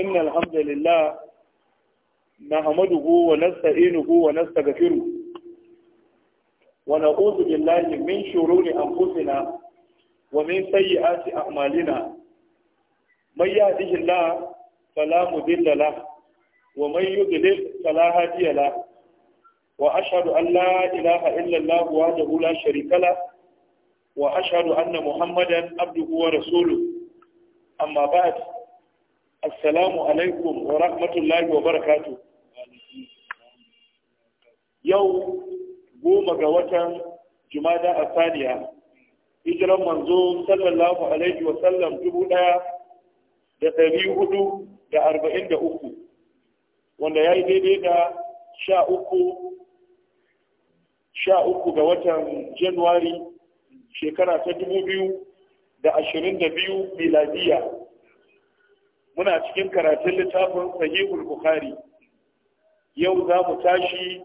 inna alhamdulillah nahmaduhu wa nasta'inuhu wa nastaghfiruh wa na'udhu billahi min shururi anfusina wa min sayyiati a'malina man yahdihillah fala mudilla lah wa man yudlil fala hadiya lah wa ashhadu an la ilaha illa allah wahdahu la sharika lah wa ashhadu anna muhammadan abduhu wa rasuluh amma ba'd assalamu alaikum wa rahmatullahi wa barakatu yau goma ga watan jumada a saniya hijiran manzo sallallahu alaihi wa sallam dubu ɗaya da ɗari hudu da arba'in da uku wanda ya yi daidai da sha uku sha uku ga watan januwari shekara ta dubu biyu da ashirin da biyu miladiya muna cikin karatun littafin sahihul bukhari yau za mu tashi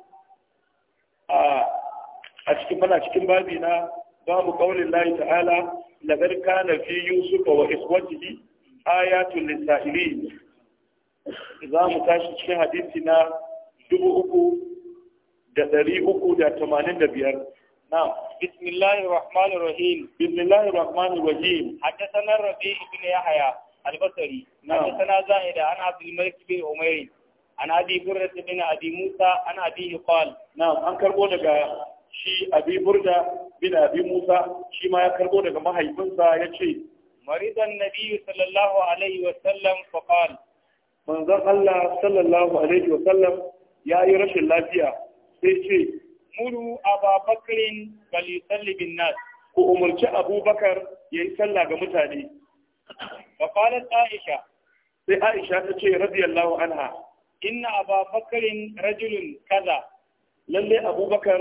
a cikin muna cikin babi na babu kaulin layi ta'ala lagar kana fi yusuf wa iswatihi ayatul lisa'ili za mu tashi cikin hadisi na dubu uku da ɗari uku da tamanin da biyar Na. بسم الله الرحمن الرحيم بسم الله الرحمن الرحيم حدثنا الربيع بن البصري حدثنا زائد عن عبد الملك بن عمير عن أبي برة بن أبي موسى عن أبيه قال نعم أن كربو دقا شي أبي بردة بن أبي موسى شي ما يكربو دقا ما هيبنسا يتشي مريض النبي صلى الله عليه وسلم فقال من ذا الله صلى الله عليه وسلم يا يرش اللافية سيشي مروا أبا بكر فليصلي بالناس ku umarci abubakar ya yi sallah ga mutane فقالت عائشة sai Aisha ta ce radiyallahu anha inna ababakarin rajulun kaza lalle abubakar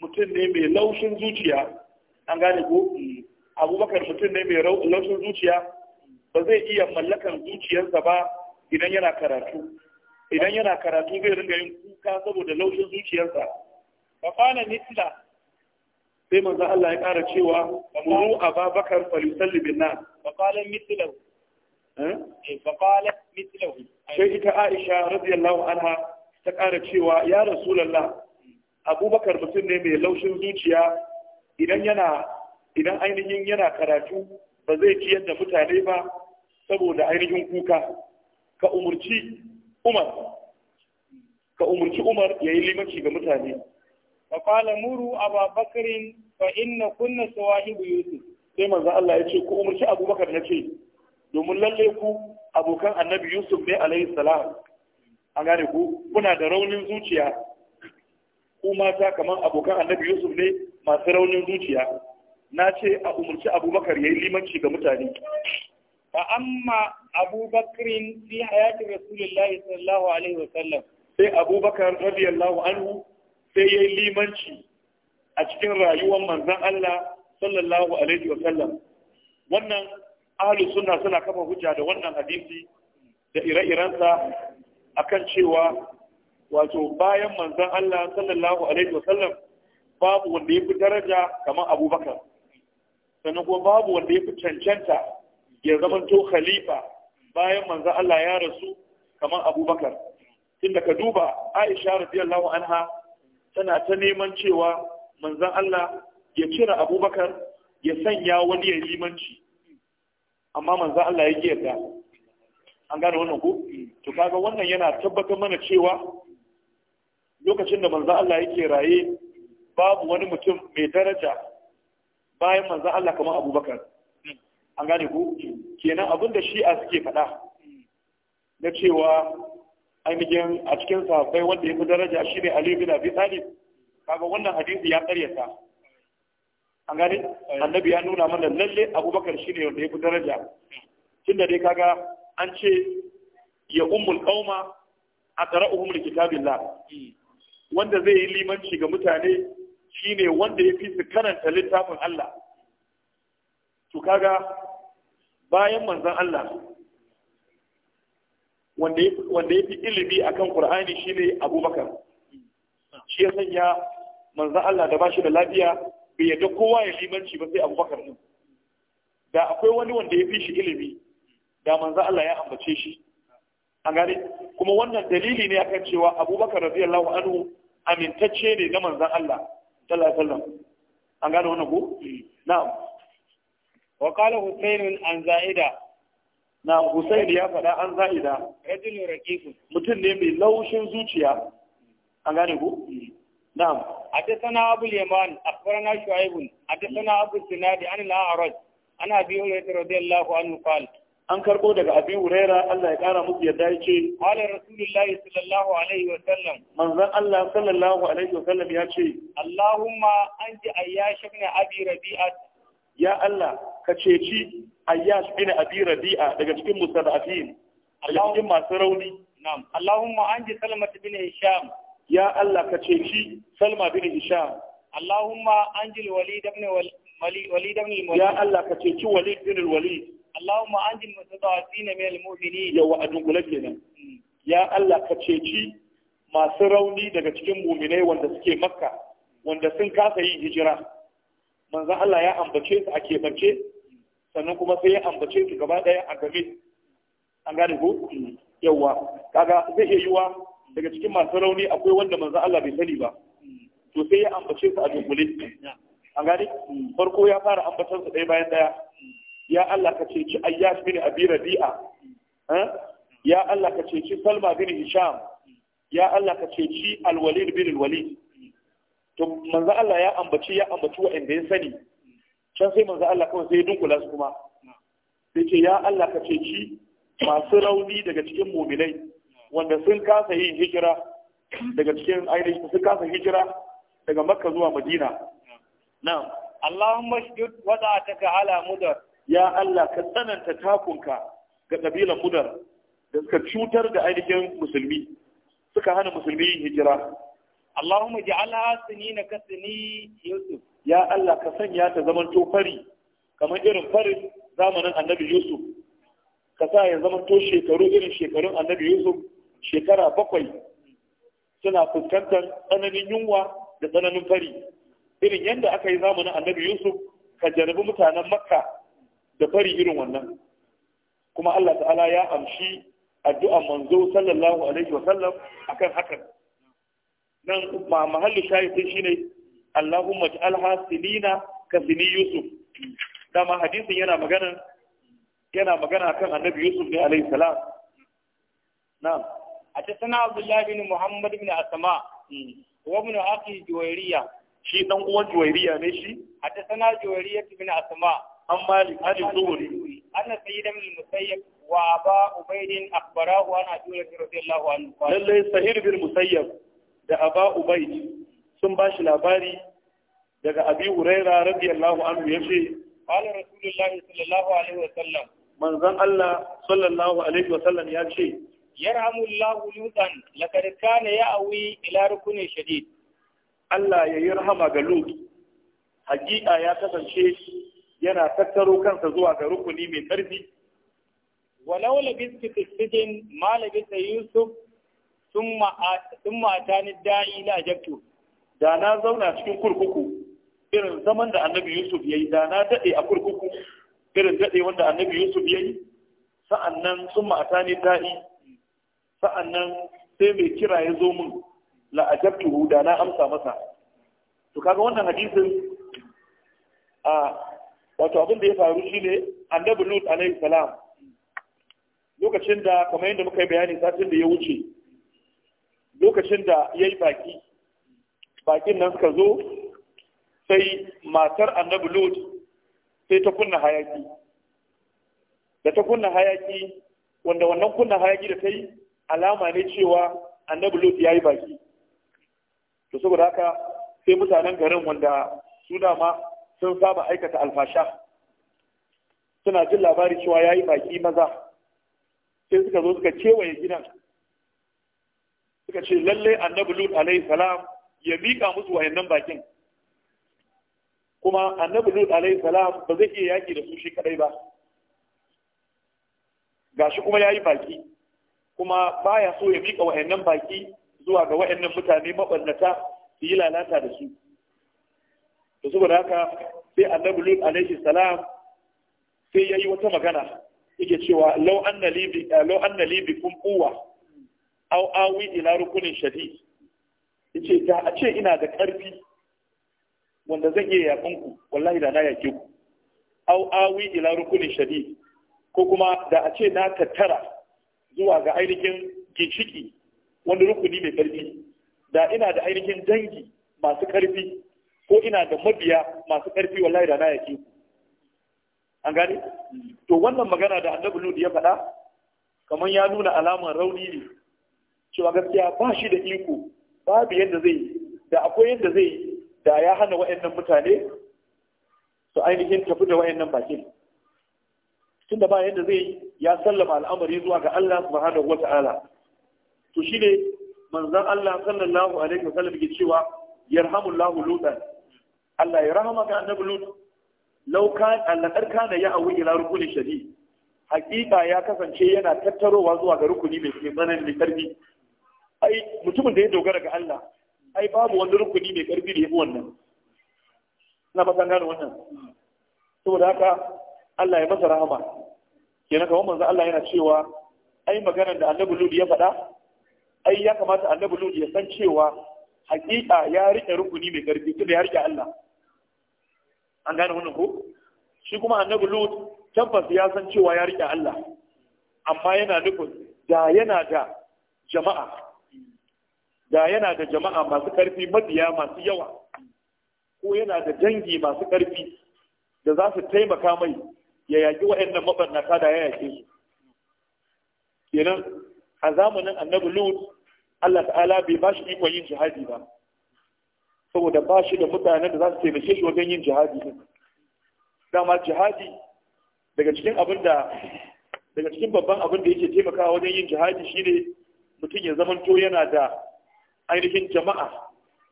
mutum ne mai laushin zuciya an gane ko abubakar mutum ne mai laushin zuciya ba zai iya mallakan zuciyarsa ba idan yana karatu idan yana karatu zai ringa yin kuka saboda laushin zuciyarsa Ba kwana, mithla sai manzo Allah ya ƙara cewa muru ababakar falisalli bin nas fa qala mithlahu فقالت eh? eh, ita Aisha radiyallahu ta ƙara cewa ya Rasulullah Abubakar mutum ne mai laushin zuciya idan yana ainihin yana karatu ba zai ciyar da mutane ba saboda ainihin kuka ka umurci Umar ka umurci yayi limanci ga mutane fa qala muru Abubakarin fa inna kunna sawahibu Yusuf sai manzo Allah ya ce ku umarci Abubakar na ce domin lalle ku abokan annabi yusuf ne alaihi salam a gane ku kuna da raunin zuciya ku mata kamar abokan annabi yusuf ne masu raunin zuciya na ce a umarci abubakar ya yi limanci ga mutane fa amma abubakarin fi hayatin rasulullahi sallallahu alaihi wasallam sai abubakar radiyallahu anhu sai ya yi limanci a cikin rayuwar manzan Allah sallallahu alaihi wasallam wannan ahli sunna suna kafa hujja da wannan hadisi da ire-irensa akan cewa wato bayan manzon Allah sallallahu alaihi wasallam babu wanda yafi daraja kamar Abubakar sannan kuma babu wanda yafi cancanta ya zamanto khalifa bayan manzon Allah ya rasu kamar Abubakar tunda ka duba Aisha radiyallahu anha tana ta neman cewa manzon Allah ya cire Abubakar ya sanya wani ya limanci amma manzan Allah ya yarda an gane wannan ko to kaga wannan yana tabbatar mana cewa lokacin da manzan Allah yake raye babu wani mutum mai daraja bayan manzan Allah kamar Abubakar an gane ku kenan abin da shi'a suke faɗa na cewa ainihin a cikin sahabbai wanda ya fi daraja shine Ali bin Abi Talib kaga wannan hadisi ya karyata an gane annabi ya nuna mana lalle abubakar shi ne wanda ya fi daraja tun da dai kaga an ce ya ummul kauma a qara'uhum li kitabillah wanda zai yi limanci ga mutane shi ne wanda ya fi su karanta littafin Allah to kaga bayan manzon Allah wanda ya fi ilimi a kan ƙur'ani shi ne Abubakar shi ya sanya manzon Allah da ba shi da lafiya bai yadda kowa ya limanci ba sai abubakar din da akwai wani wanda ya fi shi ilimi da manzo Allah ya ambace shi an gane kuma wannan dalili ne akan cewa abubakar radiyallahu anhu amintacce ne na manzo Allah sallallahu alaihi wasallam an gane wannan ko na'am wa qala husayn an za'ida na husayn ya faɗa an za'ida rajulun raqif mutum ne mai laushin zuciya an gane ko نعم حدثنا أبو اليمان أخبرنا شعيب حدثنا أبو الزناد عن الأعرج عن أبي هريرة رضي الله عنه قال an karbo daga abin wurera Allah ya kara musu yadda ya ce qala rasulullah sallallahu alaihi wa sallam manzon Allah sallallahu alaihi wa sallam ya ce Allahumma anji ayyash ibn abi rabi'a ya Allah ka ceci ayyash ibn abi rabi'a daga cikin mustada'afin daga cikin masu rauni na'am Allahumma anji salmat ibn hisham ya Allah ka ce ceci Salma bin Isha. Allahumma anjil wali ibn walid wali. ya Allah ka ce ki wali bin walid Allahumma anjil mustada'afin mai al-mu'minin ya wa adungula nan. Hmm. ya Allah ka ce ceci masu rauni daga cikin mu'minai wanda suke Makka wanda sun kasa yi hijira manzon Allah ya ambace su a keɓance sannan kuma sai ya ambace su gaba ɗaya a game an gane ko hmm. yawa kaga zai iya yiwa daga cikin masu rauni akwai wanda manzo Allah bai sani ba to sai ya ambace su a dunkule an gani farko ya fara ambatar su ɗaya bayan ɗaya ya Allah ka ceci Ayyash bin Abi Rabi'a ya Allah ka ceci Salma bin Hisham ya Allah ka ceci Al-Walid bin Al-Walid to manzo Allah ya ambaci ya ambaci wa'anda ya sani can sai manzo Allah kawai sai ya dunkula su kuma sai ce ya Allah ka ceci masu rauni daga cikin mu'minai wanda sun kasa yin hijira daga cikin ainihin sun kasa hijira daga makka zuwa madina na'am allahumma shdud wada'ataka ala mudar ya allah ka tsananta takunka ga kabilan mudar da suka cutar da ainihin musulmi suka hana musulmi yin hijira allahumma ja'alha sinina ka sini yusuf ya allah ka sanya ta zamanto fari kamar irin farin zamanin annabi yusuf ka sa ya zama to shekaru irin shekarun annabi yusuf shekara bakwai suna fuskantar tsananin yunwa da tsananin fari irin yadda aka yi zamani annabi yusuf ka jarabi mutanen makka da fari irin wannan kuma allah ta'ala ya amshi addu'an manzo sallallahu alaihi wasallam akan hakan nan ma mahallin shahidin shine allahumma ij'alha sinina ka sini yusuf dama hadisin yana magana yana magana akan annabi yusuf ne alaihi salam na'am حدثنا عبد الله بن محمد بن أسماء وابن أخي جويرية Shi دان uwan جويرية ne shi حدثنا جويرية بن أسماء عن مالك عن الزهري أن سيد بن المسيب وأبا عبيد أخبراه عن عجولة رضي الله عنه قال سهير بن المسيب da Aba Ubaid sun ba shi labari daga Abi Huraira radiyallahu anhu yace قال رسول الله صلى wa sallam. Manzan Allah sallallahu alaihi sallam ya ce yarhamullahu lutan laqad kana ya'wi ila rukuni shadid Allah ya yi rahama ga Lut hakika ya kasance yana tattaro kansa zuwa ga rukuni mai tsarki la labisti fisijin ma labista Yusuf sun mata ni da'i na ajabtu da na zauna cikin kurkuku irin zaman da annabi Yusuf ya yi da na daɗe a kurkuku irin daɗe wanda annabi Yusuf ya yi sa'annan sun mata ni da'i sa'annan sai mai kira ya zo min la da na amsa masa to kaga wannan hadisin a wato abin da ya faru shine annabi lut alaihi salam lokacin da kamar yadda muka yi bayani satin da ya wuce lokacin da ya yi baki bakin nan suka zo sai matar annabi lut sai ta kunna hayaki da ta kunna hayaki wanda wannan kunna hayaki da ta yi alama ne cewa annabi lut ya yi baki to saboda haka sai mutanen garin wanda suna ma sun saba aikata alfasha suna jin labari cewa ya yi baki maza sai suka zo suka kewaye gidan suka ce lallai annabi lut alaihi salam ya miƙa musu wayannan bakin kuma annabi lut alaihi salam ba zai iya yaki da su shi kadai ba gashi kuma ya yi baki kuma baya so ya mika wa'annan baki zuwa ga wa'annan mutane mabannata su yi lalata da su to saboda haka sai annabi lut alaihi salam sai yayi wata magana yake cewa law anna li bi law anna li bikum quwwa aw awi ila rukunin shadid yace da a ce ina da karfi wanda zan iya yakan ku wallahi da na yake ku aw awi ila rukunin shadid ko kuma da a ce na tattara zuwa ga ainihin ginshiki wani rukuni mai ƙarfi da ina da ainihin dangi masu ƙarfi ko ina da mabiya masu ƙarfi wallahi da na yake an gane to wannan magana da annabi lud ya faɗa kamar ya nuna alamar rauni ne cewa gaskiya ba shi da iko babu yadda zai da akwai yadda zai da ya hana wa'annan mutane su ainihin tafi da wa'annan bakin tunda ba yadda zai ya sallama al'amari zuwa ga Allah subhanahu wata'ala to shine manzon Allah sallallahu alaihi wasallam yake cewa yarhamullahu lutan Allah ya rahama ka annabi lut law kan allaqad ya ya'wi ila rukuni shadi hakika ya kasance yana tattarowa zuwa ga rukuni mai da karfi ai mutumin da ya dogara ga Allah ai babu wani rukuni mai karfi da yafi wannan na ba gane wannan saboda haka Allah ya masa rahama kenan kawo manzo Allah yana cewa ai maganar da annabi ludi ya faɗa ai ya kamata annabi ludi ya san cewa hakika ya rike rukuni mai karfi tunda ya rike Allah an gane wannan ko shi kuma annabi ludi tabbas ya san cewa ya rike Allah amma yana nufin da yana da jama'a da yana da jama'a masu karfi mabiya masu yawa ko yana da dangi masu karfi da za su taimaka mai ya yaƙi waɗannan mabarnata da ya yaƙe su kenan a zamanin annabi lut Allah ta'ala bai ba shi ikon yin jihadi ba saboda ba shi da mutanen da za su taimake shi wajen yin jihadi din dama jihadi daga cikin abin da daga cikin babban abin da yake taimakawa wajen yin jihadi shine mutum ya to yana da ainihin jama'a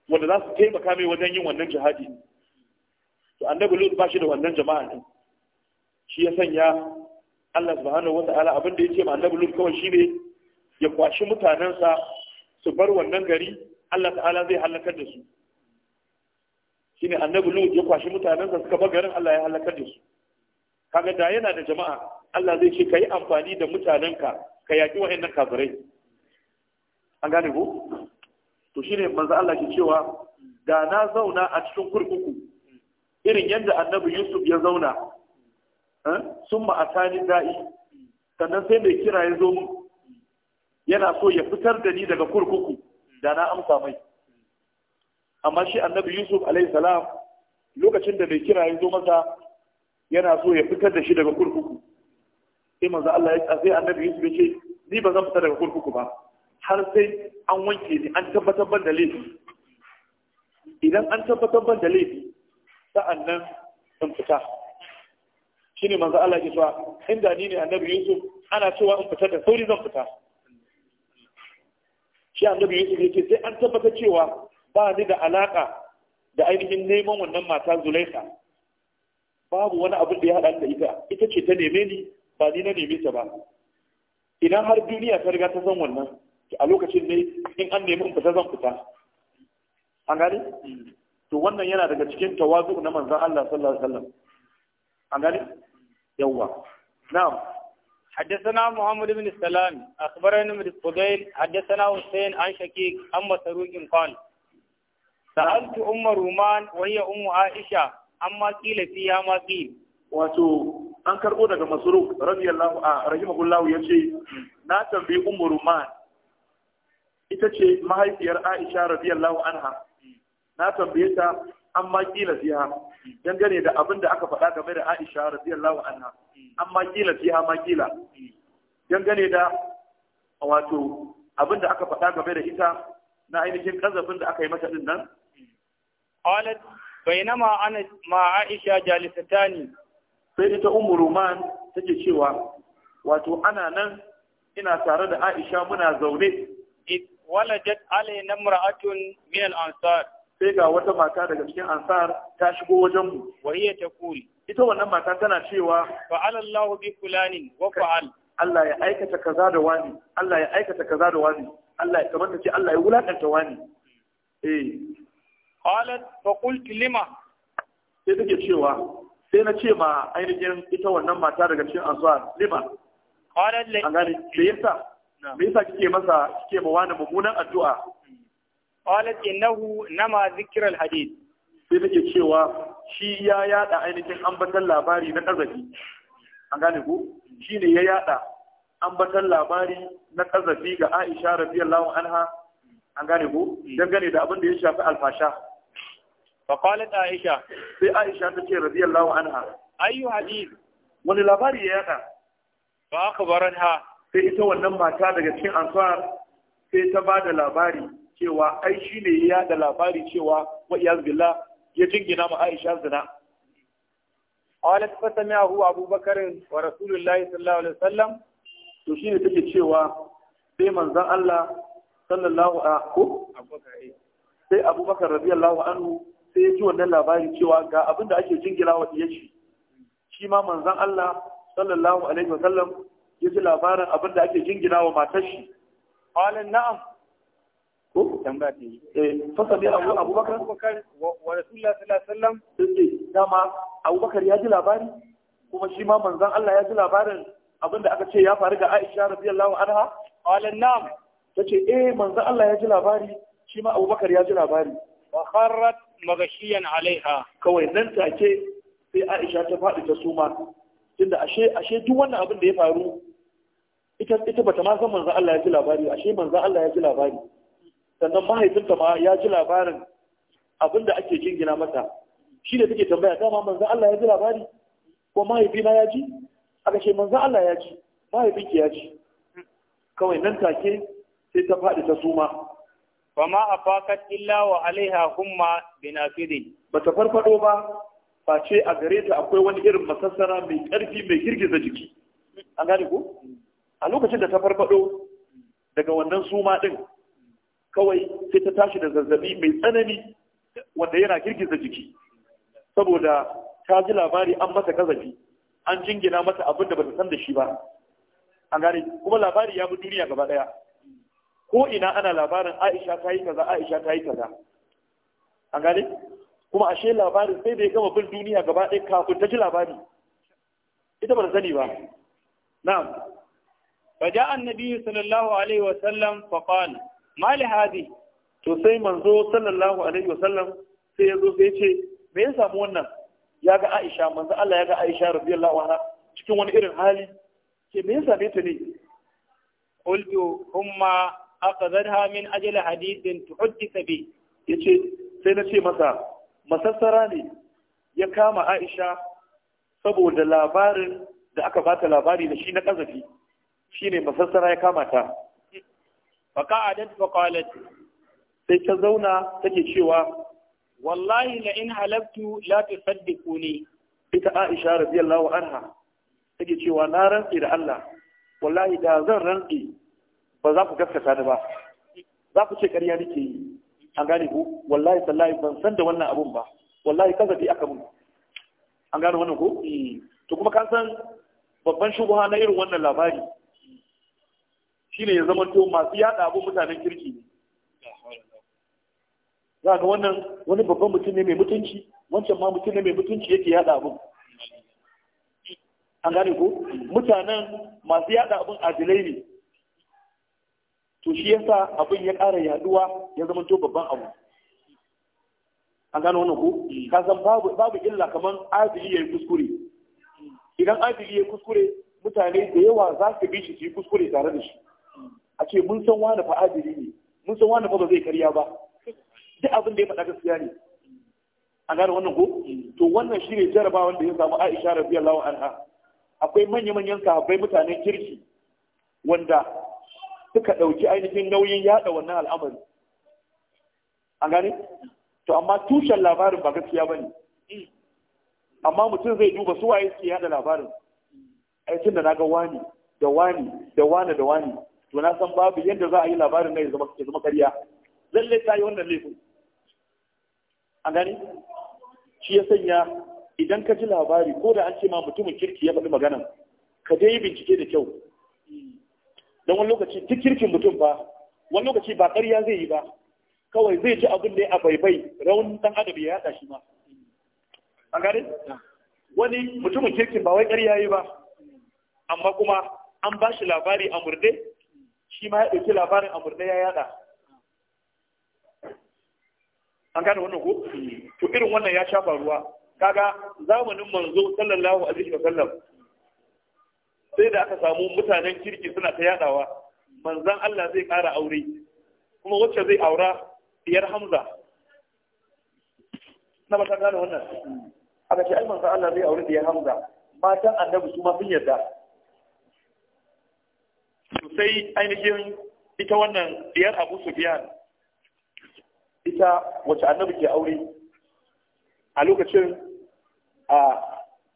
wanda za su taimaka mai wajen yin wannan jihadi to annabi lut ba shi da wannan jama'a din. shi ya sanya Allah subhanahu ta'ala abin da ya ce ma annabi Lut kawai shine ya kwashi mutanensa su bar wannan gari Allah ta'ala zai halakar da su shine annabi Lut ya kwashi mutanensa suka bar garin Allah ya halakar da su kaga da yana da jama'a Allah zai ce kai amfani da mutanenka ka yaki wa'annan kafirai an gane ko to shine manzo Allah ke cewa da na zauna a cikin kurkuku irin yadda annabi Yusuf ya zauna Eh? sun tani da'i sannan sai mai kira ya zo mu yana so ya fitar da ni daga kurkuku da na amsa mai amma shi annabi yusuf salam lokacin da mai kira ya zo masa yana so ya fitar da shi daga kurkuku sai manzo Allah ya sai annabi yusuf ya ce ni ba zan fita daga kurkuku ba har sai an wanke ni an tabbatar ban da laifi idan an tabbatar ban da laifi sa'annan in fita shine manzo Allah ya cewa inda ni ne annabi Yusuf ana cewa in fita da sauri zan fita shi annabi Yusuf yake sai an tabbata cewa ba ni da alaka da ainihin neman wannan mata Zulaika babu wani abu da ya hada da ita ita ce ta neme ni ba ni na neme ta ba idan har duniya ta riga ta san wannan a lokacin ne in an nemi in fita zan fita an gani. to wannan yana daga cikin tawazu na manzon Allah sallallahu alaihi wasallam an gani يوم نعم حدثنا محمد بن السلام أخبرنا من الفضيل حدثنا حسين عن شكيك عن مسروق قال سألت أم رومان وهي أم عائشة أما قيل فيها ما قيل wato an karɓo daga masruk radiyallahu a rahimahullahu yace na tambayi ummu ruman ita ce mahaifiyar aisha radiyallahu anha na tambaye ta amma kila fiha dangane da abin da aka faɗa game da Aisha radiyallahu anha amma kila fiha ma kila dangane da wato abin da aka faɗa game da ita na ainihin kazafin da aka yi mata din nan qalat bainama ana ma Aisha jalisatani sai ita Ummu Ruman take cewa wato ana nan ina tare da Aisha muna zaune walajat alayna mar'atun min al-ansar sai ga wata mata daga cikin ansar ta shigo wajen mu wa hiya taqul ita wannan mata tana cewa fa alallahu bi fulanin wa fa'al Allah ya aikata kaza da wani Allah ya aikata kaza da wani Allah ya kamar ta ce Allah ya wulakanta wani eh qalat fa qult lima sai take cewa sai na ce ma ainihin ita wannan mata daga cikin ansar lima qalat la me yasa me yasa kike masa kike ma wani mummunan addu'a qalat innahu nama zikr al hadith sai take cewa shi ya yada ainihin ambatan labari na kazafi an gane ku ne ya yada ambatan labari na kazafi ga Aisha radiyallahu anha an gane ku dangane da abin da ya shafi alfasha fa qalat Aisha sai Aisha ta ce radiyallahu anha ayu hadith wani labari ya yada fa akhbaranha sai ita wannan mata daga cikin ansar sai ta ba da labari cewa ai shi ne ya da labari cewa wa iyaz billah ya jingina ma Aisha zina qalat fa sami'ahu Abu Bakar wa Rasulullahi sallallahu alaihi wasallam to shi ne take cewa sai manzon Allah sallallahu alaihi eh. sai Abu Bakar radiyallahu anhu sai ya ji wannan labari cewa ga abin da ake jingina wa ci shi ma manzon Allah sallallahu alaihi wasallam ya ji labarin abin da ake jingina wa matar shi na'am ko tambaya ce eh fasabi abu abubakar abubakar wa rasulullah sallallahu alaihi wasallam dama abubakar ya ji labari kuma shi ma manzon Allah ya ji labarin abinda aka ce ya faru ga Aisha radiyallahu anha qalan na'am tace eh manzon Allah ya ji labari shi ma abubakar ya ji labari wa kharrat magashiyan alaiha kawai nan take sai Aisha ta faɗi ta suma tunda ashe ashe duk wannan abin da ya faru ita ita bata ma san manzon Allah ya ji labari ashe manzon Allah ya ji labari sannan mahaifinta ma ya ji labarin abin da ake jingina mata shi da take tambaya dama manzan Allah ya ji labari ko mahaifina ya ji aka ce manzan Allah ya ji mahaifinki ya ji kawai nan take sai ta faɗi ta suma ba ma afakat illa wa alaiha humma binafidi bata farfado ba ba ce a gare ta akwai wani irin masassara mai ƙarfi mai girgiza jiki an gane ko a lokacin da ta farfado daga wannan suma ɗin. kawai sai ta tashi da zazzabi mai tsanani wanda yana girgiza jiki saboda ta ji labari an mata kazafi an jingina mata abin da bata san da shi ba an gane kuma labari ya bi duniya gaba daya ko ina ana labarin Aisha ta yi kaza Aisha ta yi kaza an gane kuma ashe labarin sai bai gama bin duniya gaba ɗaya kafin ta ji labari ita ba sani ba na'am فجاء النبي صلى الله عليه وسلم فقال mali hadi to sai manzo sallallahu alaihi wasallam sai yazo zo sai ya ce me ya samu wannan ya ga Aisha manzo Allah ya ga Aisha radiyallahu anha cikin wani irin hali ke me ya same ta ne qultu humma aqadha min ajli hadithin tuhaddisa bi yace sai na ce masa masassara ne ya kama Aisha saboda labarin da aka bata labari da shi na kazafi shine masassara ya kama ta فقعدت qalat sai ta zauna take cewa wallahi la in halabtu la tusaddiquni ita Aisha radiyallahu anha take cewa na rantsi da Allah wallahi da zan rantsi ba za ku gaskata ni ba za ku ce ƙarya nake yi an gane ku wallahi sallahi ban san da wannan abun ba wallahi kaza bi aka mun an gane wannan ko eh. to kuma kan san babban shugaba na irin wannan labari shine ya zama to masu yada abu mutanen kirki ne za ga wannan wani babban mutum ne mai mutunci wancan ma mutum ne mai mutunci yake yada abu an gane ko mutanen masu yada abun adilai ne to shi yasa abin ya ƙara yaduwa ya zama to babban abu an gane wannan ko ka san babu babu illa kamar adili yayi kuskure idan adili yayi kuskure mutane da yawa za su bi shi su yi kuskure tare da shi a ce mun san wani fa adili ne mun san wani fa ba zai karya ba duk abin da ya faɗa gaskiya ne A gane wannan ko to wannan shi ne jaraba da ya samu Aisha radiyallahu anha akwai manya-manyan sahabbai mutanen kirki wanda suka ɗauki ainihin nauyin yaɗa wannan al'amari A gane to amma tushen labarin ba gaskiya ba ne amma mutum zai duba su waye suke yaɗa labarin aikin da na ga wani da wani da wani da wani to na san babu yadda za a yi labarin na ya zama karya lalle ta yi wannan laifin an gani shi ya sanya idan ka ji labari ko da an ce ma mutumin kirki ya faɗi maganan ka je yi bincike da kyau don wani lokaci duk kirkin mutum ba wani lokaci ba ƙarya zai yi ba kawai zai ji abin da ya abaibai raunin ɗan adam ya yaɗa shi ma an gani wani mutumin kirkin ba wai ƙarya yi ba amma kuma an ba shi labari a murde shi ma ya ɗauki labarin amurda ya yada an gane wannan ko to irin wannan ya shafa ruwa kaga zamanin manzo sallallahu alaihi wasallam sai da aka samu mutanen kirki suna ta yadawa manzan Allah zai ƙara aure kuma wacce zai aura diyar Hamza na ba ta gane wannan aka ce ai manzan Allah zai aure diyar Hamza matan annabi su ma sun yarda sai ainihin ita wannan diyar abu sufiyan ita wacce annabi ke aure a lokacin a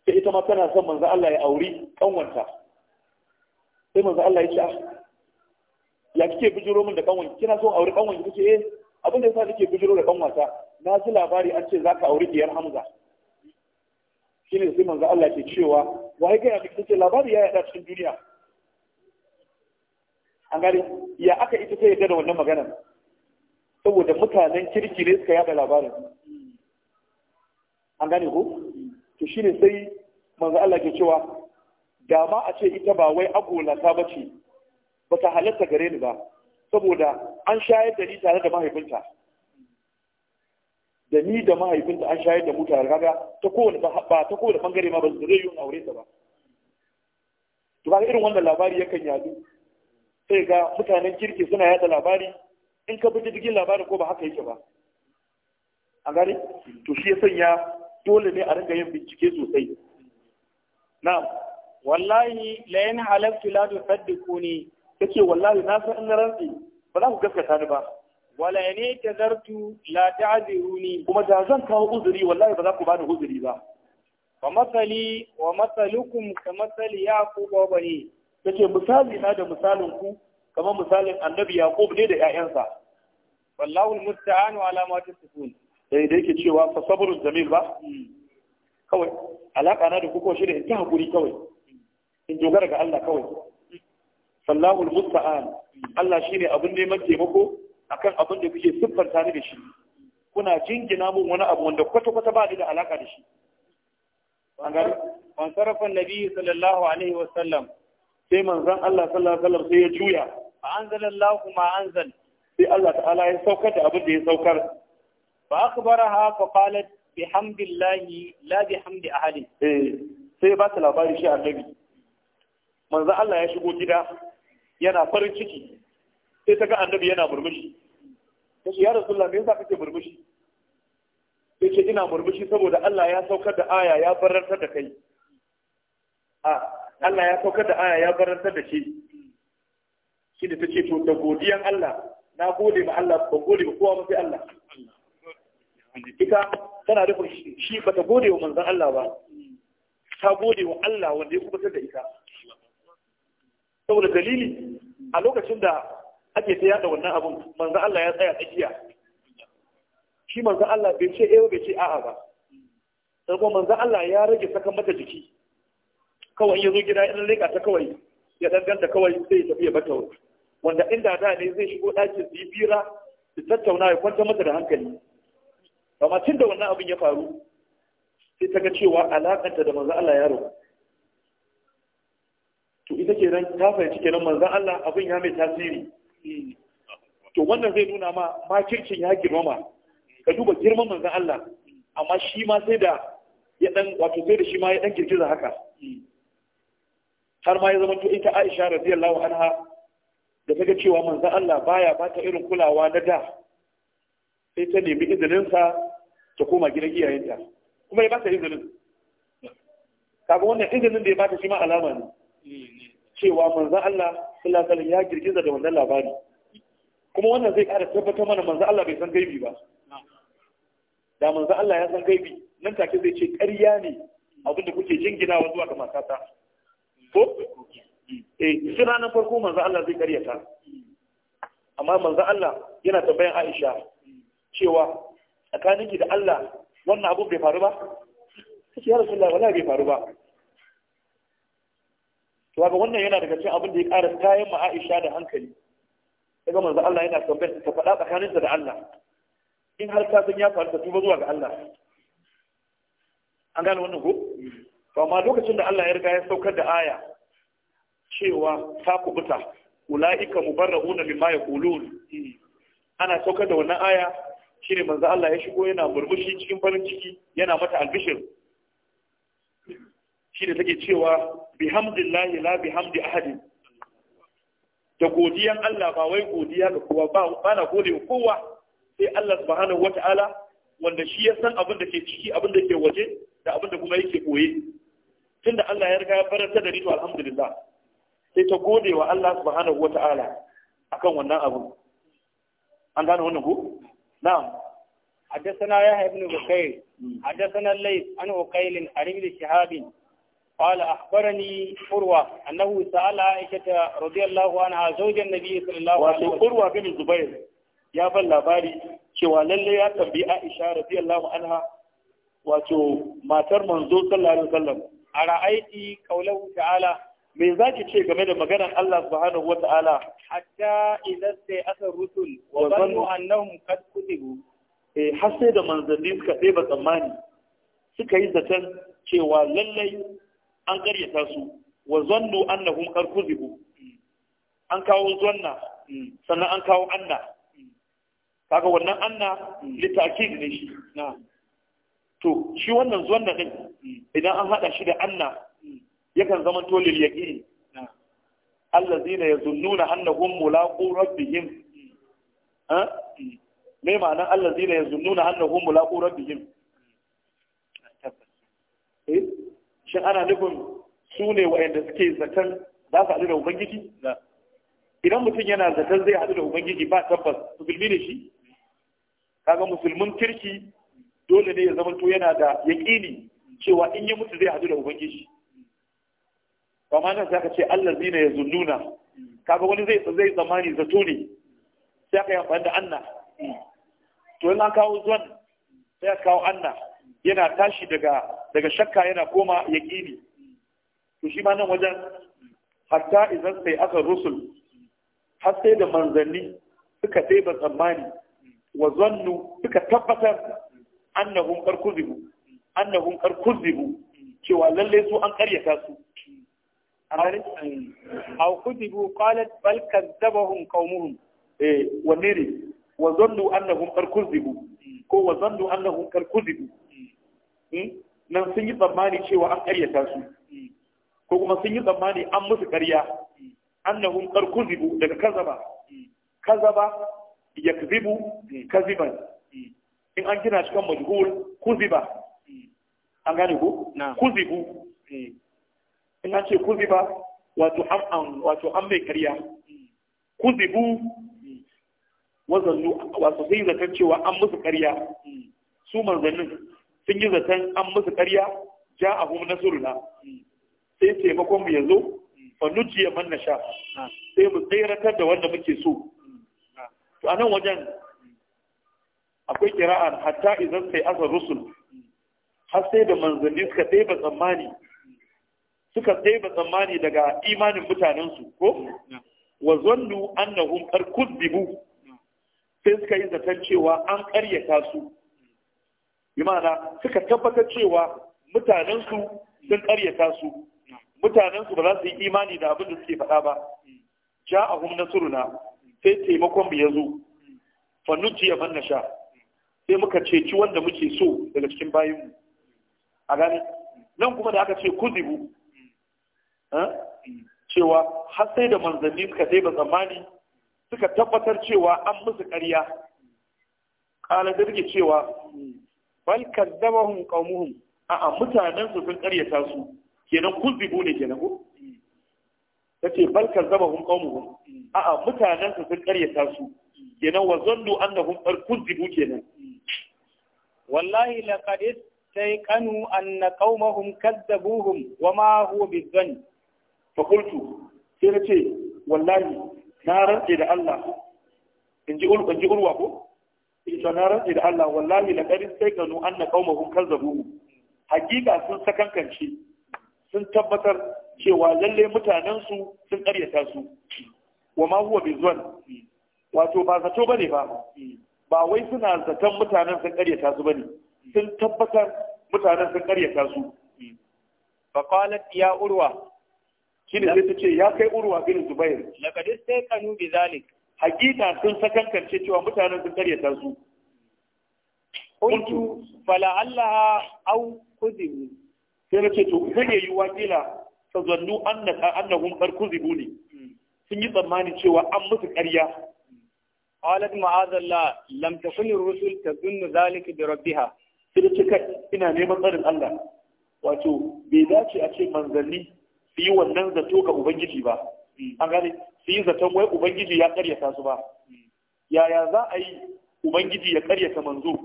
ta ita ma tana son manzo Allah ya auri kanwanta sai manzo Allah ya ce ah, ya kike bijiro min da kanwan kina son aure kanwan kike eh abin da yasa nake bijiro da kanwata na ji labari an ce zaka auri diyar Hamza shine sai manzo Allah ke cewa wai ga ya kike labari ya yada cikin duniya an gari ya aka ita ta yadda da wannan maganar saboda mutanen kirki ne suka yada labarin an gane ko to shine sai manzo Allah ke cewa da ma a ce ita ba wai agolata ba ce ba ta halatta gare ni ba saboda an shayar da ni tare da mahaifinta da ni da mahaifinta an shayar da mu tare ta kowane ba ta kowane bangare ma ba zai yi aure ta ba to kaga irin wannan labari yakan yadu sai ga mutanen kirki suna yada labari in ka fita cikin labarin ko ba haka yake ba a gari to shi ya sanya dole ne a rinka yin bincike sosai na'am wallahi la in halaftu la tusaddiquni kace wallahi na san in rantsi ba za ku gaskata ni ba wala ne tazartu la ne. kuma da zan kawo uzuri wallahi ba za ku bani uzuri ba wa masali wa masalukum ka ya yaqub wa bani take misali na da misalin ku kamar misalin annabi yaqub ne da ƴaƴansa wallahu musta'anu ala ma tasifun sai eh, da yake cewa fa sabrul jamil ba kawai alaka na da ku ko shi da ta hakuri kawai in dogara ga Allah kawai sallahu musta'an Allah shine abin neman taimako akan abin da kuke siffarta ne da shi kuna jingina mun wani abu wanda kwata-kwata ba ni da alaka da shi. Ban sarrafa Nabi sallallahu Alaihi wasallam sai manzan Allah sallallahu alaihi sai ya juya fa Allah kuma anzal sai Allah ta'ala ya saukar da abin da ya saukar fa akhbaraha fa qalat bihamdillahi la bihamdi ahli eh sai ba ta labari shi annabi Manzan Allah ya shigo gida yana farin ciki sai ta ga annabi yana murmushi ta ce ya rasulullah me yasa kake murmushi sai ce ina murmushi saboda Allah ya saukar da aya ya barantar da kai a Allah ya saukar da aya ya barantar da shi shi da ta ce to da godiyan Allah na gode ma Allah ba gode ba kowa ba sai Allah ita tana da shi ba ta gode wa manzan Allah ba ta gode wa Allah wanda ya kubutar da ita saboda dalili a lokacin da ake ta yada wannan abun manzan Allah ya tsaya tsakiya shi manzan Allah bai ce eh bai ce a'a ba sai kuma manzan Allah ya rage sakan mata jiki kawai ya zo gida in leka ta kawai ya danganta kawai sai ya tafi ya bata wanda inda da ne zai shigo ɗakin su yi fira su tattauna ya kwanta mata da hankali amma tun da wannan abin ya faru sai ta ga cewa alaƙanta da manzan Allah ya rubu to ita ke nan ta fahimci kenan manzan Allah abin ya mai tasiri to wannan zai nuna ma kirkin ya girmama ka duba girman manzan Allah amma shi ma sai da ya dan wato sai da shi ma ya dan girgiza haka har ma ya zama to ita Aisha radiyallahu anha da ta ga cewa manzon Allah baya ba ta irin kulawa na da sai ta nemi izinin sa ta koma gidan iyayenta kuma ya ba ta izinin kaga wannan izinin da ya ba ta shi ma alama ne cewa manzon Allah sallallahu alaihi ya girgiza da wannan labari kuma wannan zai ƙara tabbatar mana manzon Allah bai san gaibi ba da manzon Allah ya san gaibi nan take zai ce ƙarya ne abinda kuke jingina zuwa ga matata ko eh shi ranar farko manzo Allah zai karyata amma manzo Allah yana tambayan Aisha cewa tsakanin ki da Allah wannan abu bai faru ba kace ya Rasulullah wallahi bai faru ba to ga wannan yana daga cikin abin da ya ƙara kayan ma Aisha da hankali daga manzo Allah yana tambayar ta faɗa tsakaninta da Allah in har ka san ya faru ta tuba zuwa ga Allah an gane wannan ko to amma lokacin da Allah ya riga ya saukar da aya cewa ta kubuta ulaika mubarrauna mimma yaqulun ana saukar da wannan aya shine manzo Allah ya shigo yana murmushi cikin farin ciki yana mata albishir shine take cewa bihamdillahi la bihamdi ahadi da godiyan Allah ba wai godiya ga kowa ba ba na gode wa kowa sai Allah subhanahu wata'ala wanda shi ya san abin da ke ciki abin da ke waje da abin da kuma yake koye tunda Allah ya riga ya faranta da ni alhamdulillah sai ta gode wa Allah subhanahu a kan wannan abu an gane wannan ku na'am حدثنا يحيى بن بكير حدثنا الليث عن عقيل عن ابن شهاب قال اخبرني عروه انه سال عائشه رضي الله عنها زوج النبي صلى الله عليه وسلم عروه بن الزبير يا بل cewa lalle ya tambayi Aisha radiyallahu anha wato matar manzo sallallahu alaihi wasallam a ra'aiti kaulahu ta'ala me za ki ce game da maganar Allah subhanahu wa ta'ala hatta idan sai aka rusul wa zannu annahum qad kutibu eh har sai da manzanni suka ba tsammani suka yi zaton cewa lallai an ƙaryata su wa zannu annahum qad kutibu an kawo zanna hmm. sannan an kawo anna hmm. kaga wannan anna hmm. litakid ne shi na'am to shi wannan zuwan ɗin idan an haɗa shi da anna yakan zama tolil to lil yaqini allazina yazunnuna annahum mulaqu rabbihim ha me ma'anan allazina yazunnuna annahum mulaqu rabbihim eh shin ana nufin su ne yadda suke zaton za su haɗu da ubangiji idan mutum yana zaton zai haɗu da ubangiji ba tabbas musulmi ne shi kaga musulmin kirki dole ne ya zama to yana da yaƙini cewa in yi mutu zai hadu da ubangiji ba ma nan ce Allah zina ya zununa. kaga wani zai zai zamani zato ne sai aka yi amfani da anna to yana kawo zon sai aka kawo anna yana tashi daga daga shakka yana koma yaƙini to shi ma nan wajen hatta idan sai aka rusul har sai da manzanni suka ɗeba tsammani wa zannu suka tabbatar annahum qad annahum qad kuzibu cewa lalle su an karyata su aw kuzibu qalat bal kadzabahum qaumuhum eh wanne ne wa zannu annahum qad ko wa zannu annahum qad hmm? nan sun yi tsammani cewa an karyata su ko kuma sun yi tsammani an musu karya annahum qad daga kazaba kazaba yakzibu kaziban in an gina shi kan majhul kuziba an gane Ku kuzibu eh. in an ce kuziba wato an wato an mai karya kuzibu wazannu wato sai zaton cewa an musu karya su manzannin sun yi zaton an musu karya ja a na suruna. sai taimakon mu yanzu fa nujiya man nasha sai mu tsayratar da wanda muke so to anan wajen akwai kira'a hatta idan sai asa rusul har sai da manzanni suka ɗaiba tsammani suka ɗaiba tsammani daga imanin mutanensu ko wa zannu annahum qad sai suka yi zaton cewa an ƙaryata su imana suka tabbatar cewa mutanensu sun ƙaryata su mutanensu ba za su yi imani da abin da suke faɗa ba ja'ahum nasruna sai taimakon mu yazo Fannu nujiya manna nasha sai muka ceci wanda muke so daga cikin bayinmu a gani nan kuma da aka ce kuzibu cewa har sai da manzanni suka ba zamani suka tabbatar cewa an musu ƙarya ƙala da rike cewa bal hun qaumuhum a a mutanen su sun ƙaryata su kenan kuzibu ne kenan ko balkan bal hun qaumuhum a a mutanen su sun ƙaryata su kenan wa hun annahum kuzibu kenan wallahi laqad istayqanu anna qaumahum kadzabuhum wama huwa bizzan fa qultu sai na ce wallahi na rantse da Allah in ji ulwa ji ulwa ko in ji eh, na rantse da Allah wallahi laqad istayqanu anna qaumahum kadzabuhum hakika sun sakankance sun tabbatar cewa lalle mutanensu sun ƙaryata su wa ma huwa bizwan wato ba zato bane ba ba wai suna zaton mutanen sun karyata su bane sun tabbatar mutanen sun karyata su fa qalat ya urwa shine sai ta ce ya kai urwa bin zubair laqad istaqanu bi zalik hakika sun sakankance cewa mutanen sun karyata su kuntu fala allaha au kuzibu sai na ce to zai yi wakila ta zannu annahum kar kuzibu ne hmm. sun yi tsammani cewa an musu karya قالت ma'azallah الله لم تكن الرسل تظن ذلك بربها sai kika ina neman tsarin Allah wato bai dace a ce manzanni su yi wannan zato ga ubangiji ba an gane su yi zaton wai ubangiji ya karyata su ba yaya za a yi ubangiji ya karyata manzo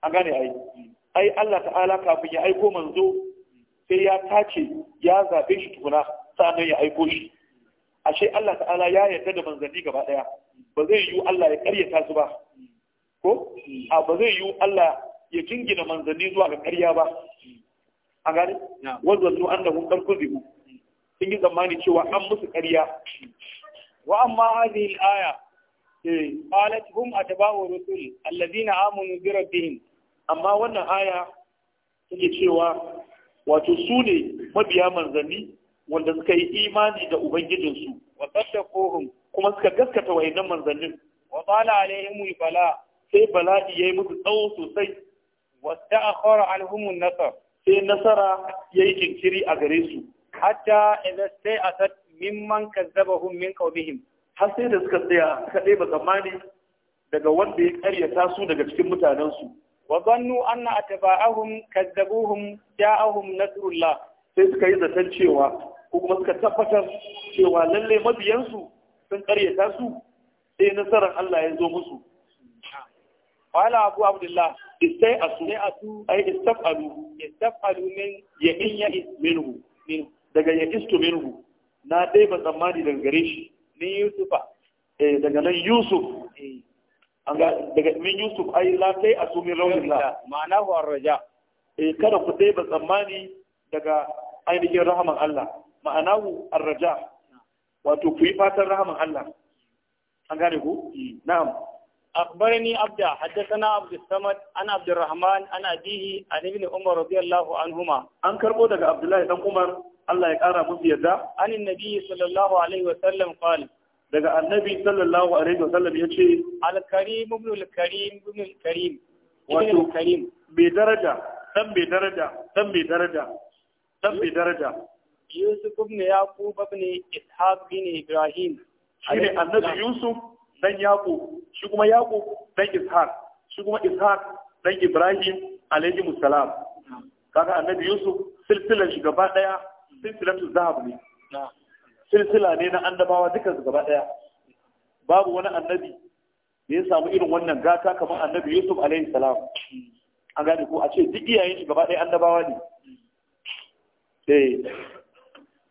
an gane ai ai Allah ta'ala kafin ya aiko manzo sai ya tace ya zabe shi tukuna sannan ya aiko shi ashe Allah ta'ala ya yarda da manzanni gaba daya ba zai yiwu Allah ya karyata su ba ko a ba zai yiwu Allah ya jingina manzanni zuwa ga karya ba a gani wazannu annahum kuzi mu. sun yi zamani cewa an musu karya wa amma hadhihi al-aya eh, qalat hum atba'u rusul alladhina amanu bi rabbihim amma wannan aya take cewa wato su ne mabiya manzanni wanda suka yi imani da ubangijinsu wa kohun. kuma suka gaskata wayannan manzannin wa qala alaihim bala sai Bala bala'i yi mutu tsawo sosai wa a anhum alhumun nasar? sai nasara ya yi jinkiri a gare su hatta a sa'at mimman hun min qawmihim har sai da suka tsaya suka ɗeba zamani daga wanda ya karyata su daga cikin mutanensu wa zannu anna atba'ahum kazzabuhum ja'ahum nasrullah sai suka yi zaton cewa ko kuma suka tabbatar cewa lalle mabiyansu sun karyata su sai nasarar Allah ya zo musu wala abu abdullah istai asu ne asu ay istafalu istafalu min yahin ya isminu min daga ya istu minhu na dai ba tsammani daga gare shi ni yusufa eh daga nan yusuf eh. an ga daga min yusuf ay la kai asu min rawillah ma'anahu raja eh kada ku dai ba tsammani daga ainihin rahaman Allah ma'anahu arraja wato ku yi fatan rahamin Allah an gane ku na'am akbarani abda haddathana abdus samad an abdurrahman an abihi an ibn umar radiyallahu anhuma an karbo daga abdullahi dan umar Allah ya kara musu yadda an annabi sallallahu alaihi wa sallam qal daga annabi sallallahu alaihi wa sallam yace al al karim ibn al karim wato karim bi daraja san bi daraja san bi daraja san bi daraja Yusuf بن يعقوب بن Ishaq بن Ibrahim shine annabi Yusuf dan يعقوب kuma يعقوب dan Ishaq shi kuma Ishaq dan Ibrahim عليه السلام كذا annabi Yusuf silsilar shi gaba silsilatu zahab ne silsila ne na annabawa duka su gaba babu wani annabi ya samu irin wannan gata kamar annabi Yusuf alaihi salam an gane ko a ce duk iyayen shi gaba daya annabawa ne eh.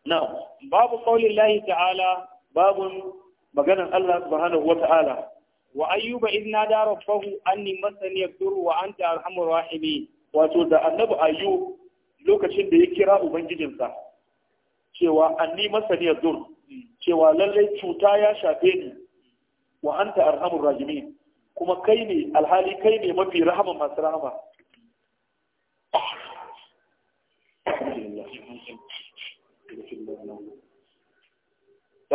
na'am babu qaulin lahi ta'ala babu maganan Allah subhanahu wa ta'ala wa ayyuba idh nada rabbahu anni massani yadur wa anta arhamur rahimi, wato da annabi ayyu lokacin da ya kira ubangijinsa cewa anni masani yadur cewa lallai cuta ya shafe ni wa anta arhamur rahimi, kuma kai ne alhali kai ne mafi rahama masu rahama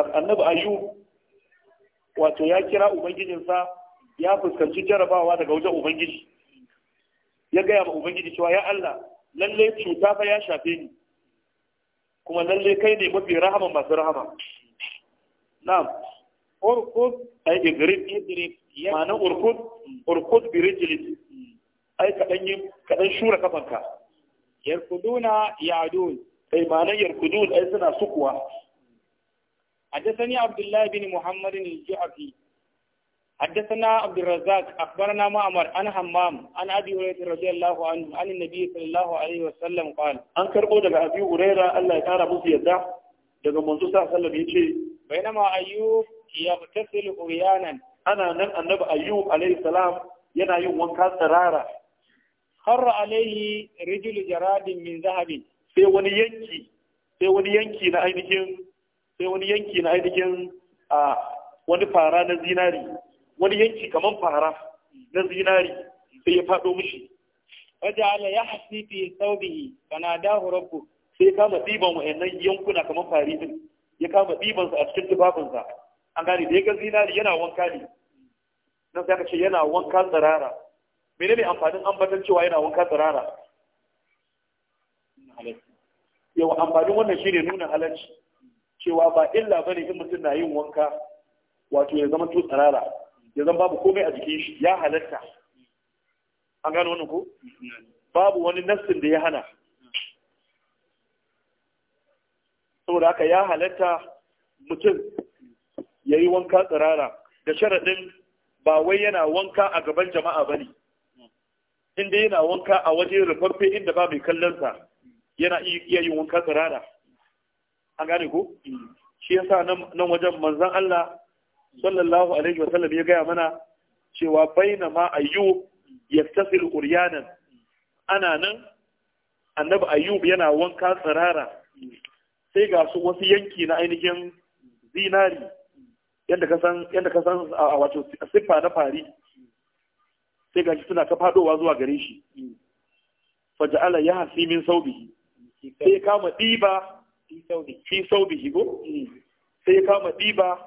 da annabi ayu wato ya kira ubangijinsa ya fuskanci jarabawa daga wajen ubangiji ya gaya ma ubangiji cewa ya Allah lalle cuta fa ya shafe ni kuma lalle kai ne mafi rahama masu rahama na'am urkud ay idrib idrib ma'ana Urkut urkud bi rijlik ai kadan yi kadan shura kafanka yarkuduna ya'dun kai ma'ana yarkudun ai suna sukuwa حدثني عبد الله بن محمد الجعفي حدثنا عبد الرزاق أخبرنا معمر عن حمام عن أبي هريرة رضي الله عنه عن النبي صلى الله عليه وسلم قال أنكر قول أبي هريرة الله يتعالى بوسي يدع daga manzo sa sallam yace bainama ayyub yagtasil uryanan ana nan annabi ayyu alayhi yana yin wanka tsirara harra alaihi rijul jaradin min zahabin sai wani yanki sai wani yanki na ainihin sai wani yanki na ainihin a wani fara na zinari wani yanki kamar fara na zinari sai ya faɗo mishi ya yahsi fi thawbihi fanadahu rabbuh sai ya kama ɗiban wayannan yankuna kamar fari din ya kama diban sa a cikin tufafinsa an gane da ya ga zinari yana wanka ne nan sai aka ce yana wanka tsirara menene amfanin ambatan cewa yana wanka tsirara yawa amfanin wannan shine nuna halarci cewa ba illa ba ne in mutum na yin wanka wato ya zama to tsarara ya zama babu komai a jikin shi ya halatta an gano wani ko babu wani nassin da ya hana saboda haka ya halatta mutum ya yi wanka tsirara da sharaɗin ba wai yana wanka a gaban jama'a ba ne inda yana wanka a waje rufaffe inda ba mai kallonsa yana iya yin wanka tsirara an gane ko shi yasa nan wajen manzon Allah sallallahu alaihi wasallam ya gaya mana cewa baina ma ayyub yaktasil quryanan ana nan annabi ayyub yana wanka tsirara sai ga su wasu yanki na ainihin zinari yadda ka san yadda ka san a wato siffa na fari sai ga shi suna ta fadowa zuwa gare shi faja'ala ya hasi min saubihi sai kama ɗiba fi da higo. Mm. sai ya kama ɗiba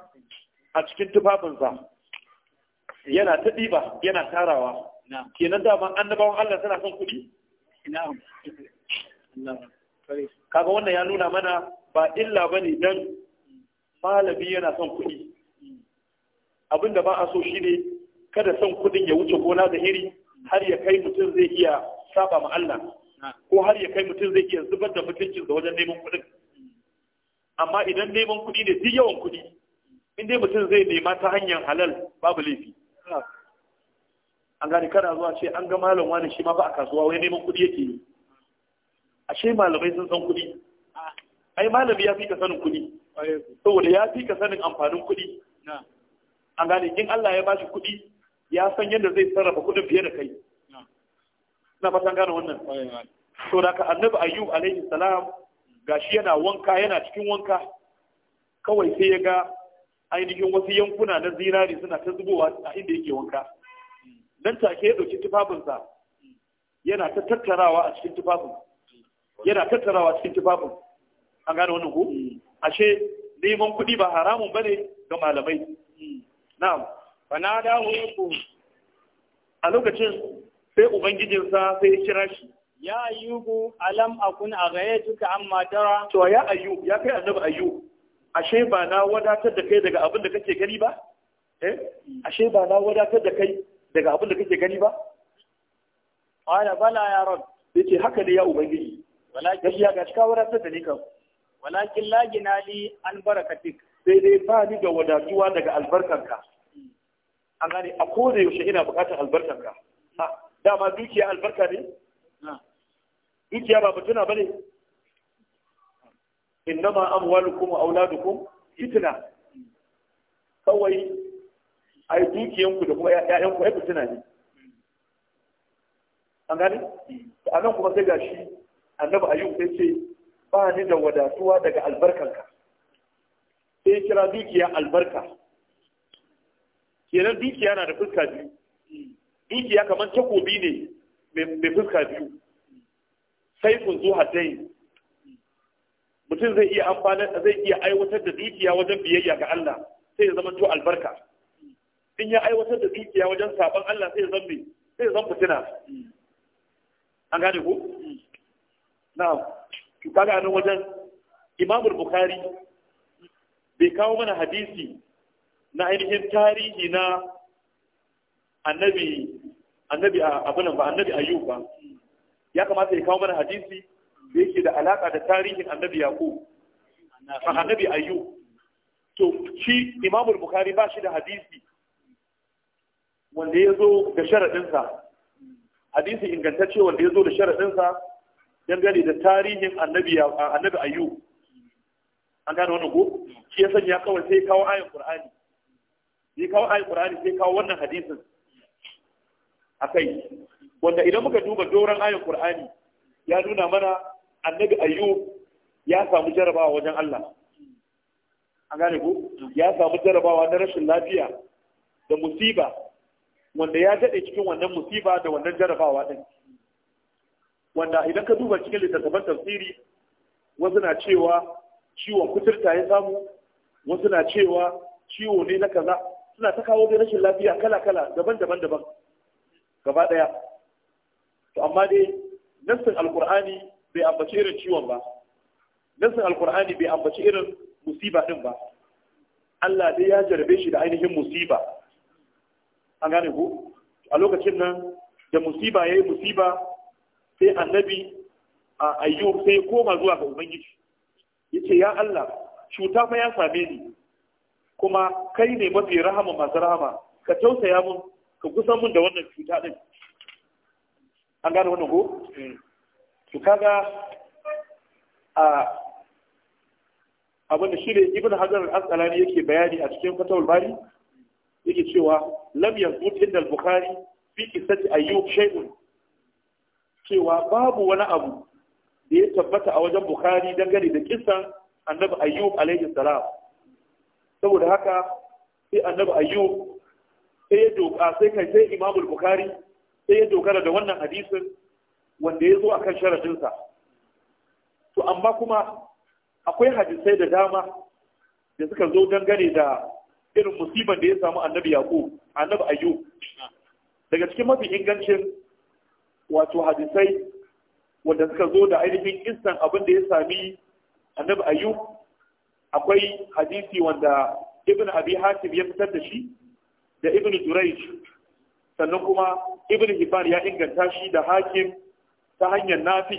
a cikin tufafinsa yana ta ɗiba yana tarawa kenan dama annabawan Allah suna son kuɗi kaga wannan ya nuna mana ba illa ba ne don malami yana son kuɗi mm. abinda ba a so shine kada son kuɗin ya wuce gona da iri har ya kai mutum zai iya saba ma Allah ko har ya kai mutum zai iya zubar da mutuncin da wajen neman kuɗin amma idan neman kuɗi ne duk yawan kuɗi in dai mutum zai nema ta hanyar halal babu laifi an gani kana zuwa ce an ga malam wani shi ma ba a kasuwa wai neman kuɗi yake yi ashe malamai sun san kuɗi ai malami ya fi ka sanin kuɗi saboda ya fi ka sanin amfanin kuɗi an gani in Allah ya bashi kuɗi ya san yadda zai sarrafa kuɗin fiye da kai na fatan gane wannan to da ka annabi ayyub alaihi salam gashi yana wanka yana cikin wanka kawai sai ya ga ainihin wasu yankuna na zinari suna ta zubowa a inda yake wanka dan take ya dauki tufafinsa yana ta tattarawa a cikin tufafin yana tattarawa a cikin tufafin an gane wannan ko ashe neman kuɗi ba haramun bane ga malamai na'am hu a lokacin sai ubangijinsa sai ya kira shi ya ayyubu alam akun a gaye duka amma matara. to ya ayyu ya kai annabi ayyu ashe ba na wadatar da kai daga abin da kake gani ba eh ashe ba na wadatar da kai daga abin da kake gani ba qala bala ya rab yace haka ne ya ubangiji walakin gaskiya ga cika wadatar da ni kan. walakin la jinali an barakatik sai dai ba ni da wadatuwa daga albarkanka hmm. an gane a kodayaushe yaushe ina bukatar albarkanka dama dukiya albarka ne dukiya ba fituna bane innama amwalukum wa auladukum fitna kawai ai dukiyanku da kuma ƴaƴanku ai fitna ne an gani a nan kuma sai gashi annabi ayyub sai ce ba ni da wadatuwa daga albarkanka sai kira dukiya albarka kenan dukiya na da fuska biyu dukiya kamar takobi ne mai fuska biyu saifin zuwa yi. mutum zai iya amfana zai iya aiwatar da dukiya wajen biyayya ga Allah sai ya zama to albarka in ya aiwatar da dukiya wajen sabon Allah sai ya zama sai ya zama fitina an gane ko na'am to kaga nan wajen Imam Bukhari bai kawo mana hadisi na ainihin tarihi na annabi annabi abunan ba annabi ayyub ba ya kamata ya kawo mana hadisi da yake da alaka da tarihin annabi fa annabi ayyub to shi imamul bukhari ba shi da hadisi wanda ya zo da sharaɗinsa hadisi ingantacce wanda ya zo da sharaɗinsa dangane da tarihin annabi ayyu an gane wannan ko shi ya sanya kawai sai kawo ayin qur'ani sai kawo ayin qur'ani sai kawo wannan hadisin akai wanda idan muka duba doron ayin Qur'ani ya nuna mana annabi Ayyub ya samu jarabawa wajen Allah an gane ku ya samu jarabawa na rashin lafiya da musiba wanda ya daɗe cikin wannan musiba da wannan jarabawa ɗin wanda idan ka duba cikin littattafan tafsiri wasu na cewa ciwon kuturta ya samu wasu na cewa ciwo ne na kaza suna ta kawo da rashin lafiya kala-kala daban-daban daban gaba ɗaya to amma dai nassin alkur'ani bai ambaci irin ciwon ba nassin alkur'ani bai ambaci irin musiba din ba Allah dai ya jarabe shi da ainihin musiba an gane ku a lokacin nan da musiba ya yi musiba sai annabi a ayyub sai koma zuwa ga ubangiji ya ce ya Allah cuta fa ya same ni kuma kai ne mafi rahama masu rahama ka tausaya mun ka kusan mun da wannan cuta din an gano wannan ko mm. to kaga a abin da ne ibn hajar al-asqalani yake bayani a cikin fatawul bari yake cewa lam yazbut inda al-bukhari fi qissati ayyub shay'un cewa babu wani abu da ya tabbata a wajen bukhari dangane da kissan annabi ayyub alaihi salam saboda haka sai annabi ayyub sai ya doka sai kai sai imamul bukhari sai ya dogara da wannan hadisin wanda ya zo a kan sharadinsa to amma kuma akwai hadisai da dama da suka zo dangane da irin musibar da ya samu annabi yaƙo annabi ayyu daga cikin mafi ingancin wato hadisai wanda suka zo da ainihin instan abin da ya sami annabi ayyu akwai hadisi wanda ibn abi hatim ya fitar da shi da ibn jurayj sannan kuma ibn hibar ya inganta shi da hakim ta hanyar nafi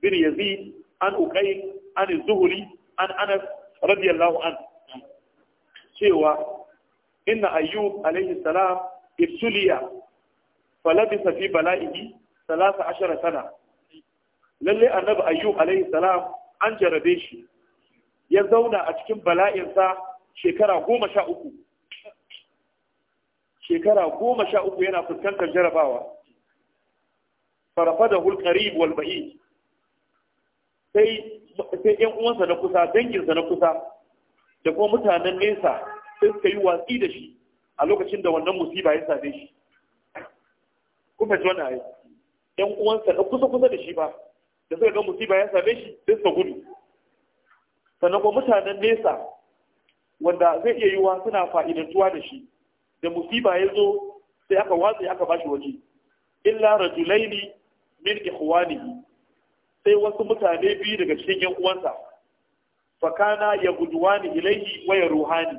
bin yazid an uƙai, an zuhuri, an anas radiyallahu an cewa inna ayyub alaihi salam ibtuliya falabisa fi bala'ihi 13 sana lalle annabi ayyub alaihi salam an jarabe shi ya zauna a cikin bala'insa shekara goma sha uku shekara goma sha uku yana fuskantar jarabawa farafa da hulƙari walba'i sai ‘yan uwansa na kusa danginsa na kusa da kuma mutanen nesa sai suka yi watsi da shi a lokacin da wannan musiba ya same shi kuma ji wannan ‘yan uwansa na kusa-kusa da shi ba da suka ga musiba ya same shi sai suka gudu sannan kuma mutanen nesa wanda zai iya yiwuwa suna fa'idantuwa da shi da musiba ya zo sai aka watsa aka bashi waje illa rajulaini min ikhwanihi sai wasu mutane biyu daga cikin yan uwansa fakana ya guduwani ilaihi ya ruhani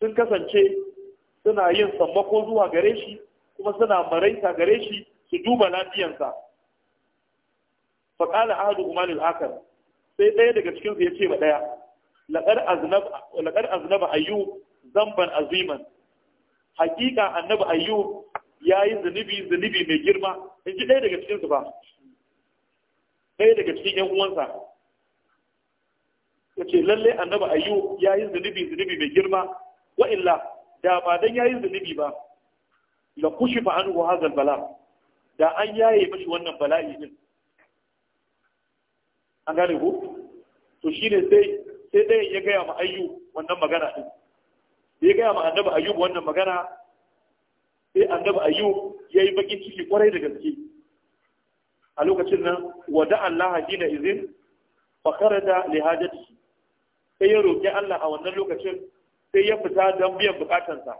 sun kasance suna yin sammako zuwa gare shi kuma suna maraita gare shi su duba lafiyansa faƙala ahadu umar al-akar sai ɗaya daga cikinsu ya ce ba ɗaya laƙar aznaba ayyu zamban aziman hakika annabi ayyub ya yi zunubi zunubi mai girma in ji ɗaya daga cikinsu ba ɗaya daga cikin ‘yan uwansa ya ce lallai annabi ayyub ya yi zunubi zunubi mai girma wa illa da ba dan ya yi zunubi ba la kushi fa an hazal bala da an yaye mashi wannan bala'i din an gane ku to shine sai sai ɗayan ya gaya ma ayyu wannan magana din da ya gaya ma annabi ayyub wannan magana sai annabi ayyub ya yi bakin ciki kwarai da gaske a lokacin nan da Allah dina izin fakara da lihajati sai ya roƙi Allah a wannan lokacin sai ya fita don biyan bukatansa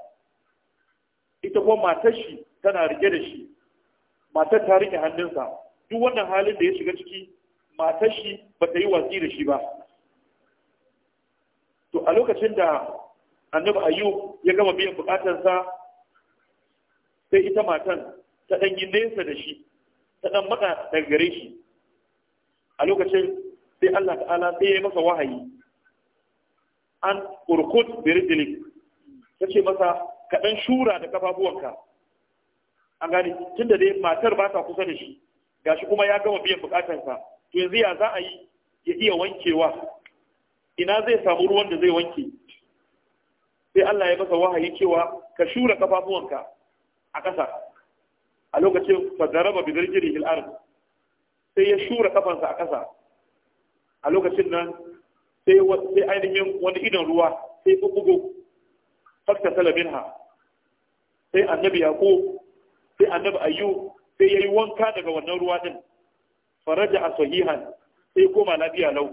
ita kuma matar shi tana rike da shi matar ta rike hannunsa duk wannan halin da ya shiga ciki matar shi ba ta yi watsi da shi ba to a lokacin da annabi ayyub ya gama biyan bukatarsa sai ita matan ta ɗan yi nesa da shi ta ɗan maka daga gare shi a lokacin sai Allah ta'ala sai ya yi masa wahayi an urkut birijilik ta ce masa ka ɗan shura da kafafuwanka an gane tun da dai matar ba ta kusa da shi gashi kuma ya gama biyan bukatarsa to yanzu ya za a yi ya iya wankewa ina zai samu ruwan da zai wanke sai Allah ya masa wahayi cewa ka shura kafafuwanka a ƙasa a lokacin fadaraba bidirgiri hil'ar sai ya shura kafansa a ƙasa a lokacin nan sai ainihin wani idan ruwa sai bugu fakta salamin ha sai annabi yaƙo sai annabi ayyu sai ya yi wanka daga wannan ruwa din faraja a sahihan sai koma lafiya lau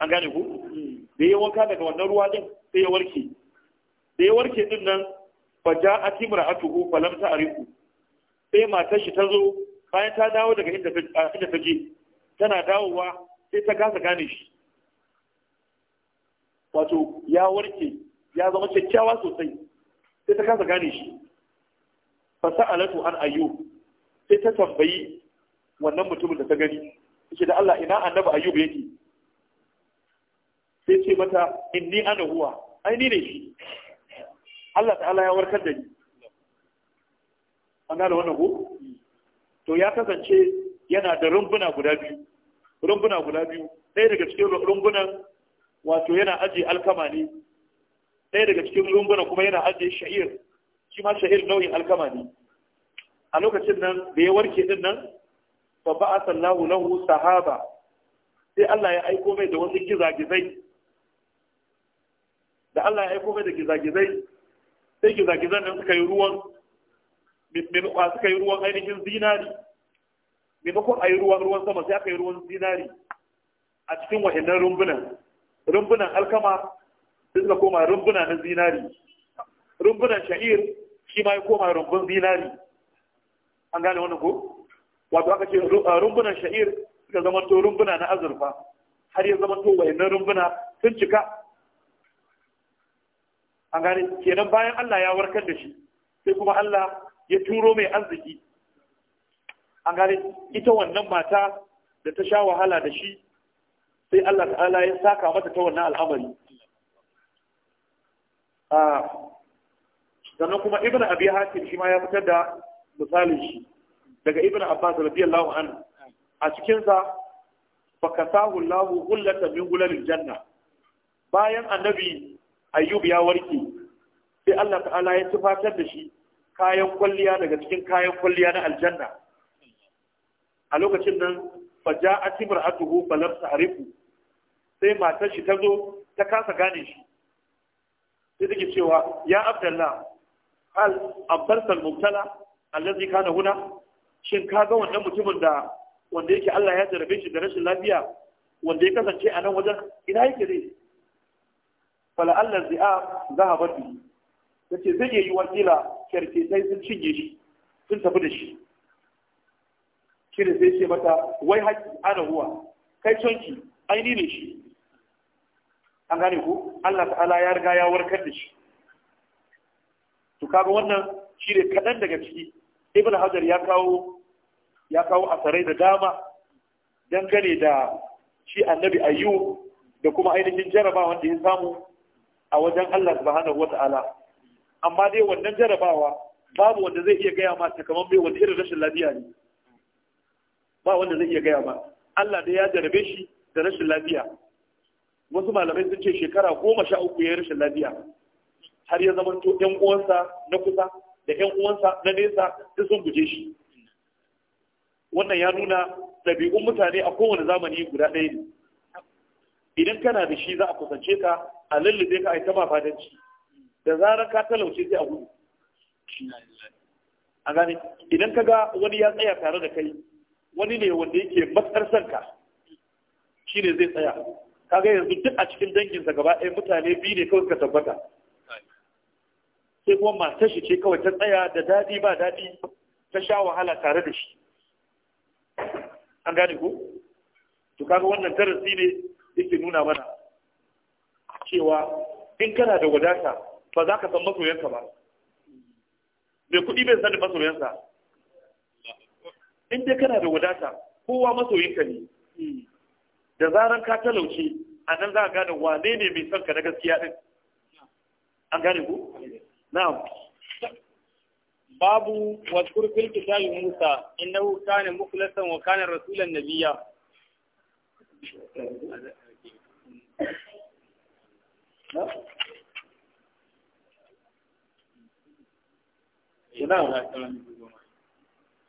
an gane ku mm. da ya wanka daga wannan ruwa din sai ya warke da ya warke din nan fa ja'at imra'atuhu fa lam ta'rifu sai matar shi ta zo bayan ta dawo daga inda ta je tana dawowa sai ta kasa gane shi wato ya warke ya zama kyakkyawa sosai sai ta kasa gane shi sa'alatu an ayyub sai ta tambayi wannan mutumin da ta gani shi da Allah ina annabi ayyub yake sai ce mata inni ana huwa ai ni ne shi Allah ta'ala ya warkar da ni an gane wannan ko to ya kasance yana da rumbuna guda biyu rumbuna guda biyu ɗaya daga cikin rumbunan wato yana ajiye alkama ne ɗaya daga cikin rumbunan kuma yana ajiye sha'ir shi ma sha'ir nau'in alkama ne a lokacin nan da ya warke din nan Babba a sallahu lahu sahaba sai Allah ya aiko mai da wasu gizagizai da Allah ya aiko mai da gizagizai sai gizagizan nan suka yi ruwan suka yi ruwan ainihin zinari maimakon a yi ruwan ruwan sama sai aka yi ruwan zinari a cikin wahinnan rumbunan rumbunan alkama sai suka koma rumbuna na zinari rumbunan sha'ir shi ma ya koma rumbun zinari an gane wannan ko wato aka ce rumbunan sha'ir suka zama to rumbuna na azurfa har ya zama to wahinnan rumbuna sun cika an gane kenan bayan Allah ya warkar da shi sai kuma Allah ya turo mai arziki an gane ita wannan mata da ta sha wahala da shi sai Allah ta'ala ya saka mata ta wannan al'amari ah, sannan kuma ibn abi hatim shi ma ya fitar da misalin shi daga ibn abbas radiyallahu anhu a cikin sa fakasahu Allah hullatan min gulalil janna bayan annabi ayyub ya warke sai Allah ta'ala ya tufatar da shi kayan kwalliya daga cikin kayan kwalliya na aljanna a lokacin nan faja a timar atuhu a sa'arifu sai matar shi ta zo ta kasa gane shi sai take cewa ya abdallah hal abbarta mubtala allazi kana huna shin ka ga wannan mutumin da wanda yake Allah ya jarabe shi da rashin lafiya wanda ya kasance a nan wajen ina yake dai fala'allar zi'a za a barbi da ce zai yi wakila kyarketai sun cinye shi sun tafi da shi shi da zai ce mata wai haƙi ana ruwa kai canki aini ne shi an gane ku allah ta'ala ya riga ya warkar da shi to kaga wannan shi ne kaɗan daga ciki ibn hajar ya kawo ya kawo asarai da dama dangane da shi annabi ayyu da kuma ainihin jarabawa da ya samu a wajen Allah subhanahu ta'ala amma dai wannan jarabawa babu wanda zai iya gaya ma kamar bai wanda irin rashin lafiya ne ba wanda zai iya gaya ma Allah dai ya jarabe shi da rashin lafiya wasu malamai sun ce shekara goma sha uku ya yi rashin lafiya har ya zama to ɗan uwansa na kusa da ɗan uwansa na nesa duk sun guje shi wannan ya nuna ɗabi'un mutane a kowane zamani guda ɗaya ne idan kana da shi za a kusance ka a lullube ka a yi ta mafadanci da zarar ka talauce sai a gudu a gane idan ka ga wani ya tsaya tare da kai wani ne wanda yake matsar sanka. ka shi ne zai tsaya Ka ga yanzu duk a cikin danginsa gaba ɗaya mutane biyu ne kawai ka tabbata sai kuma matar shi ce kawai ta tsaya da daɗi ba daɗi ta sha wahala tare da shi an gane ku? to kaga wannan darasi ne yake nuna mana cewa in kana da wadata ba za ka san masoyanka ba mai kuɗi bai sani masoyansa in dai kana da wadata kowa masoyinka ne da zaran ka talauce a nan za a gane wane ne mai son ka na gaskiya din an gane ku na'am babu waskur fil yi Musa inda kana mukhlasan wa kana rasulan nabiya ina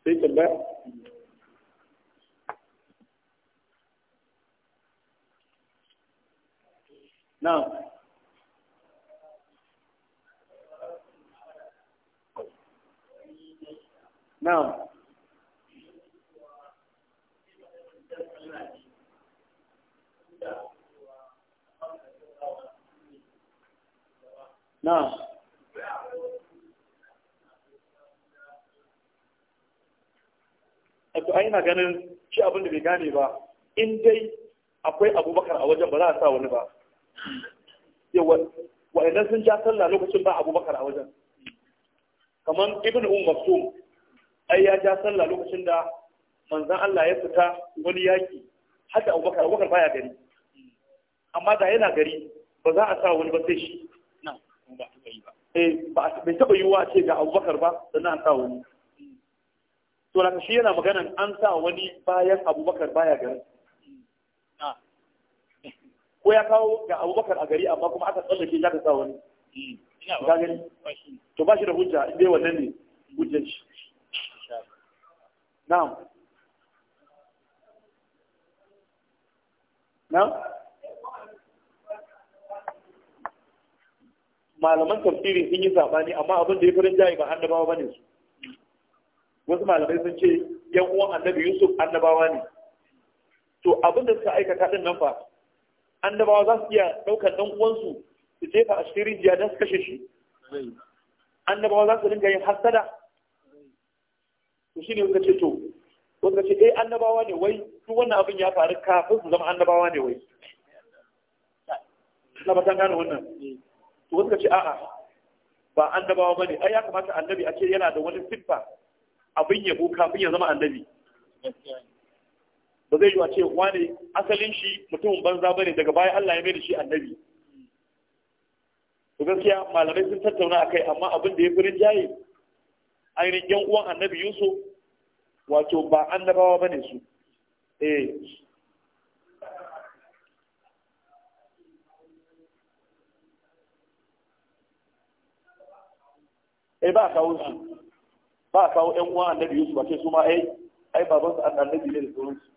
sai ba. yana ganin shi abin da bai gane ba in dai akwai abubakar a wajen ba za a sa wani ba wa wa'annan sun ja sallah lokacin ba abubakar a wajen kamar ibn um maktum ai ya ja sallah lokacin da manzan Allah ya fita wani yaki haka abubakar abubakar baya gari amma da yana gari ba za a sa wani ba sai shi ba a taɓa yi ba eh, bai taɓa yiwuwa ce ga abubakar ba sannan a sa wani to da shi yana magana an sa wani bayan abubakar baya garin ah. ko ya kawo ga abubakar a gari amma kuma aka tsallake ya zaka sa wani hmm. to ba shi da hujja in dai wannan ne hujjar shi na'am na'am malaman tafsirin sun yi sabani amma abin da ya farin jayi ba hannu ba ne su wasu malamai sun ce yan uwan annabi yusuf annabawa ne to abin da suka aikata din nan fa annabawa za su iya daukar ɗan uwansu su jefa a cikin rijiya don su kashe shi annabawa za su dinga yin hasada to shine suka ce to wanda ce eh annabawa ne wai duk wannan abin ya faru kafin su zama annabawa ne wai na ba san gane wannan to wanda ce a'a ba annabawa bane ai ya kamata annabi a ce yana da wani siffa abin ya yabo kafin ya zama annabi ba zai yi a ce asalin shi mutumin banza bane daga baya Allah ya mai da shi annabi to gaskiya malamai sun tattauna kai amma abin da ya fi rinjaye ainihin yan uwan annabi Yusuf wato ba annabawa bane su eh, eh ba kawo su ba a kawo yan uwan annabi Yusuf a ce su ma ai ai baban su annabi ne da sauransu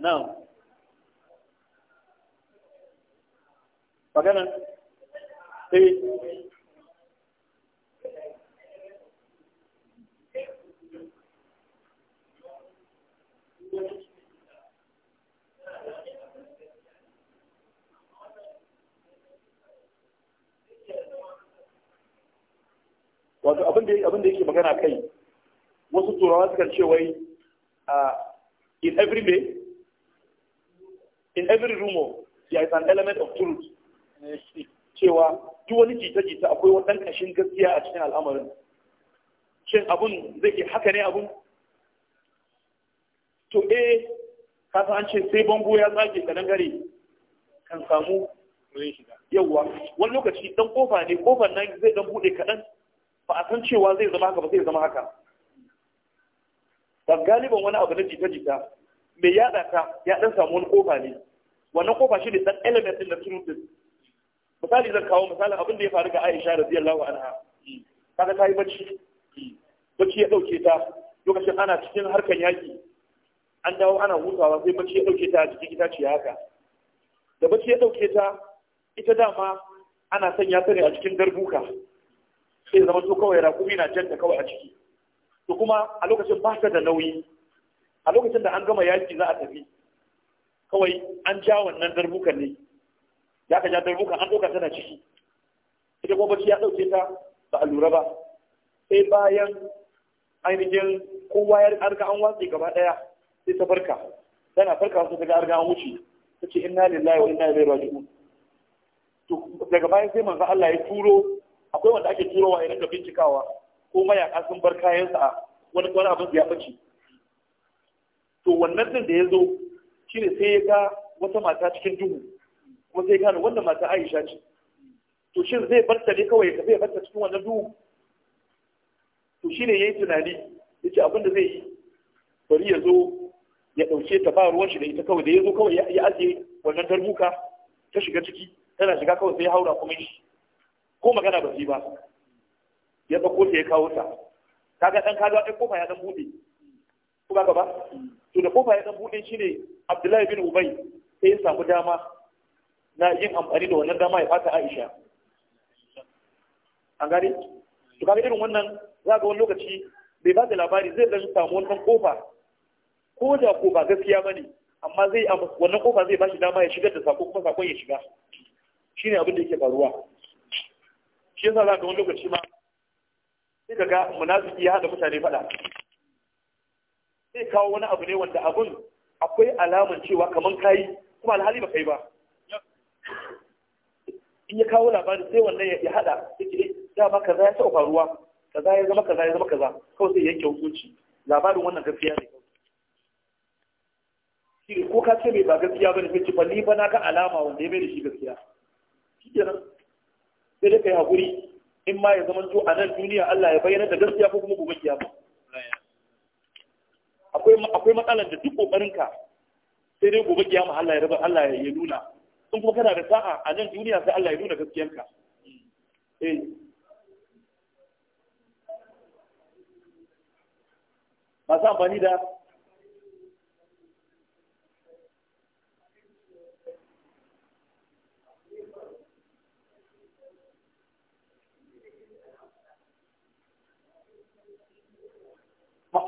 na'am maganan sai eh. wato abin da yake magana kai wasu turawa suka ce wai in every day in every room there is an element of truth cewa duk wani jita-jita akwai wadan kashin gaskiya a cikin al'amarin shin abun zai ke haka ne abun to A, eh, kasa an ce sai bango ya zage ka dangare kan samu yauwa wani lokaci dan kofa ne kofar nan zai dan bude kaɗan ba a san cewa zai zama haka ba zai zama haka ba galiban wani abu na jita-jita mai yada ta ya ɗan samu wani kofa ne wannan kofa shi ne dan element na surutun misali zan kawo misalin abin da ya faru ga aisha radiyallahu anha kaga ta yi bacci bacci ya ɗauke ta lokacin ana cikin harkar yaƙi an dawo ana hutawa sai bacci ya ɗauke ta a cikin itaciya haka da bacci ya ɗauke ta ita dama ana sanya ta ne a cikin darbuka sai zama su kawai rakumi na da kawai a ciki to kuma a lokacin ba ta da nauyi a lokacin da an gama yaki za a tafi kawai an ja wannan darbukan ne ya ka ja darbukan an ɗauka tana ciki ita kuma bacci ya ɗauke ta ba a lura ba sai bayan ainihin kowa ya arga an watsi gaba ɗaya sai ta farka tana farka wasu daga arga an wuce ta ce inna lillahi wa inna ilaihi raji'un to daga bayan sai manzo Allah ya turo akwai wanda ake turowa ya rinka bincikawa ko mayaka sun bar kayansa a wani wani abin ya bace. to wannan din da ya zo shine sai ya ga wata mata cikin duhu kuma sai gane wannan mata Aisha ce to shin zai barta ne kawai ya tafi ya barta cikin wannan duhu to shine yayi tunani yace abin da zai yi bari ya zo ya dauke ta ba ruwan shi da ita kawai da ya zo kawai ya aje wannan darbuka ta shiga ciki tana shiga kawai sai ya haura kuma shi ko magana ba ba ya ba ko ya kawo ta kaga dan kaga ɗan kofa ya dan buɗe ko ba ba to da kofa ya dan buɗe shine Abdullahi bin Ubay sai ya samu dama na yin amfani da wannan dama ya fata Aisha an gane to kaga irin wannan za ga wani lokaci bai ba da labari zai dan samu wannan kofa ko da ko ba gaskiya bane amma zai wannan kofa zai ba shi dama ya shigar da sako kuma sako ya shiga shine abin da yake faruwa shi yasa za ka wani lokaci ma sai ka ga munafiki ya haɗa mutane faɗa sai kawo wani abu ne wanda abun akwai alamun cewa kamar kayi kuma alhali ba kai ba in ya kawo labari sai wannan ya haɗa yake eh, dama kaza ya taɓa faruwa kaza ya zama kaza ya zama kaza kawai sai yanke hukunci labarin wannan gaskiya ne shi ko ka ce mai ba gaskiya ba ne sai ci fa ni ba na ga alama wanda ya mai da shi gaskiya shi kenan sai dai kai hakuri in ma ya zama to a nan duniya Allah ya bayyana da gaskiya ko kuma gobe kiyama akwai akwai matsalar da duk kokarin ka sai dai gobe kiyama Allah ya raba Allah ya nuna in kuma kana da sa'a a nan duniya sai Allah ya nuna gaskiyar ka eh masu amfani da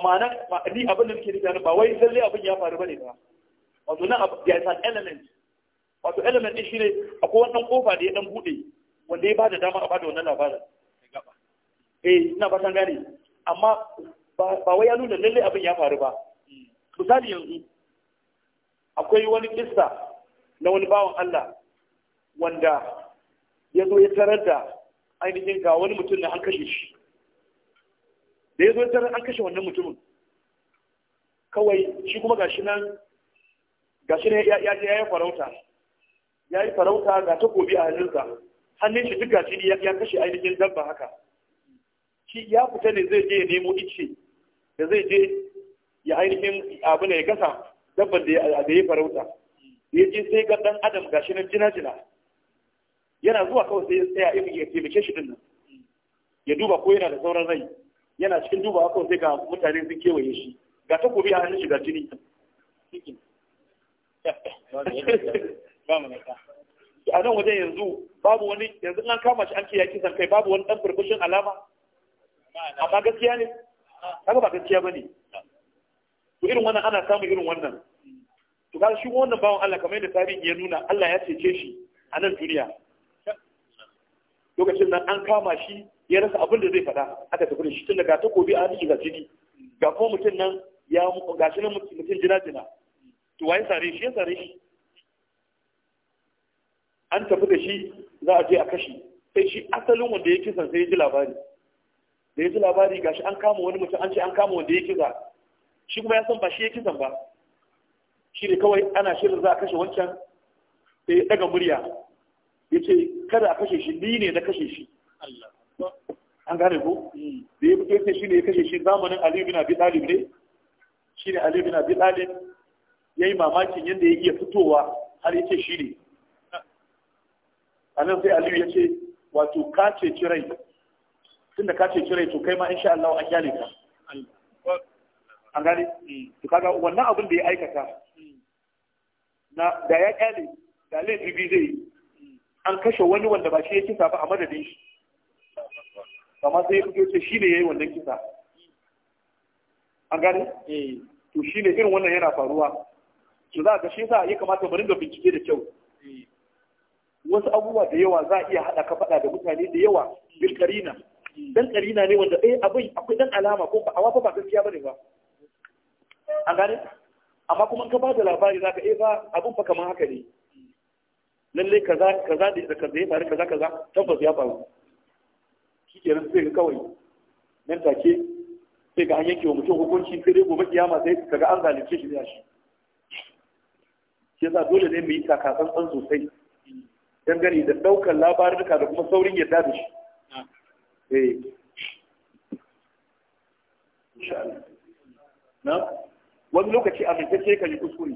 Ma'ana ni abin da nake nufi ba wai lalle abin ya faru bane ba wato nan ya san element wato element din shine akwai wannan kofa da ya dan bude wanda ya bada dama a bada wannan labarin eh ina ba san gane amma ba wai ya nuna lalle abin ya faru ba misali yanzu akwai wani kissa na wani bawan Allah wanda ya zo ya tarar da ainihin ga wani mutum na an kashe shi da ya zo ya an kashe wannan mutumin kawai shi kuma gashi nan gashi ne ya ya farauta ya yi farauta ga takobi a hannunsa hannun shi duk gashi ne ya kashe ainihin dabba haka shi ya fita ne zai je ya nemo ice da zai je ya ainihin abu ne ya gasa dabban da ya farauta da ya je sai ga dan adam gashi nan jina-jina yana zuwa kawai sai ya tsaya ya taimake shi din nan ya duba ko yana da sauran rai yana cikin duba kawai sai ga mutane sun kewaye shi ga takobi a hannun shiga jini a nan wajen yanzu babu wani yanzu an kama shi an ce ya kisan kai babu wani dan burbushin alama amma gaskiya ne haka ba gaskiya ba ne to irin wannan ana samu irin wannan to kaga shi wannan bawon Allah kamar yadda tarihi ya nuna Allah ya cece shi a nan duniya lokacin nan an kama shi ya rasa abin da zai faɗa aka tafi da shi tun daga takobi a hannun ga ga kuma mutum nan ya ga shi nan mutum jina jina to waye sare shi ya sare shi an tafi da shi za a je a kashe sai shi asalin wanda ya kisan sai ya ji labari da ya ji labari gashi an kama wani mutum an ce an kama wanda ya kisa shi kuma ya san ba shi ya kisan ba shi ne kawai ana shirin za a kashe wancan sai ya daga murya ya ce kada a kashe shi ni ne na kashe shi Allah an gane ko da ya fito sai shine ya kashe shi zamanin Ali bin Abi Talib ne shine Ali bin Abi Talib yayi mamakin yadda ya iya fitowa har yace shi ne anan sai Ali ya ce wato ka ce cirai tunda ka ce cirai to kai ma insha Allah an gane ka an gane to kaga wannan abin da ya aikata na da ya kyale da laifi zai an kashe wani wanda ba shi ya kisa ba a madadin shi kamar sai fito ce shi ne ya yi wannan kisa an gane eh. to shi ne irin wannan yana faruwa to za a ga shi sa ya kamata mu ringa bincike da kyau eh. wasu abubuwa da yawa za a iya haɗa ka faɗa da mutane da yawa bil karina dan karina ne wanda eh abin akwai dan alama ko ba awa ba gaskiya bane ba an gane amma kuma ka ba da labari za ka eh ba abin fa kamar haka ne lalle kaza kaza da kaza ya faru kaza kaza tabbas ya faru shi kenan sai ga kawai nan take sai ga an yanke wa mutum hukunci sai dai gobe kiyama sai kaga an zalunce shi Ya shi shi yasa dole ne mu yi takatsantsan sosai gani da daukar labaruka da kuma saurin yadda da shi eh na wani lokaci amintacce ka yi kuskure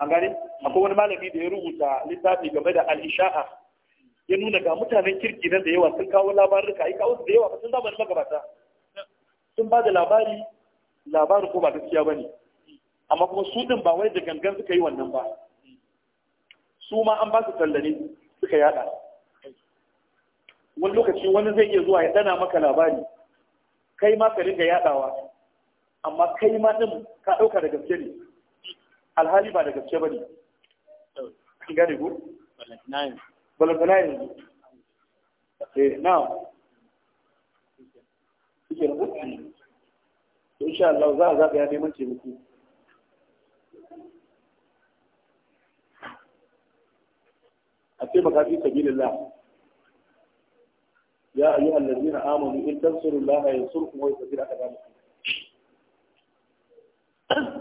an gani akwai wani malami da ya rubuta littafi game da al-isha'a ya nuna ga mutanen kirki nan da yawa sun kawo labarin ka kawo su da yawa sun zamanin magabata sun ba da labari labarin ko ba gaskiya ba ne amma kuma su ɗin ba wai da gangan suka yi wannan ba su ma an ba su tallane suka yada wani lokaci wani zai iya zuwa ya dana maka labari kai ma ka ringa yadawa amma kai ma ɗin ka ɗauka da gaske ne alhali ba da gaske ba ne gane ko? balantana yanzu eh na suke rubutu insha Allah za a zaɓa ya neman taimako a taimaka fi sabilillah يا أيها الذين آمنوا إن تنصروا الله ينصركم ويثبت أقدامكم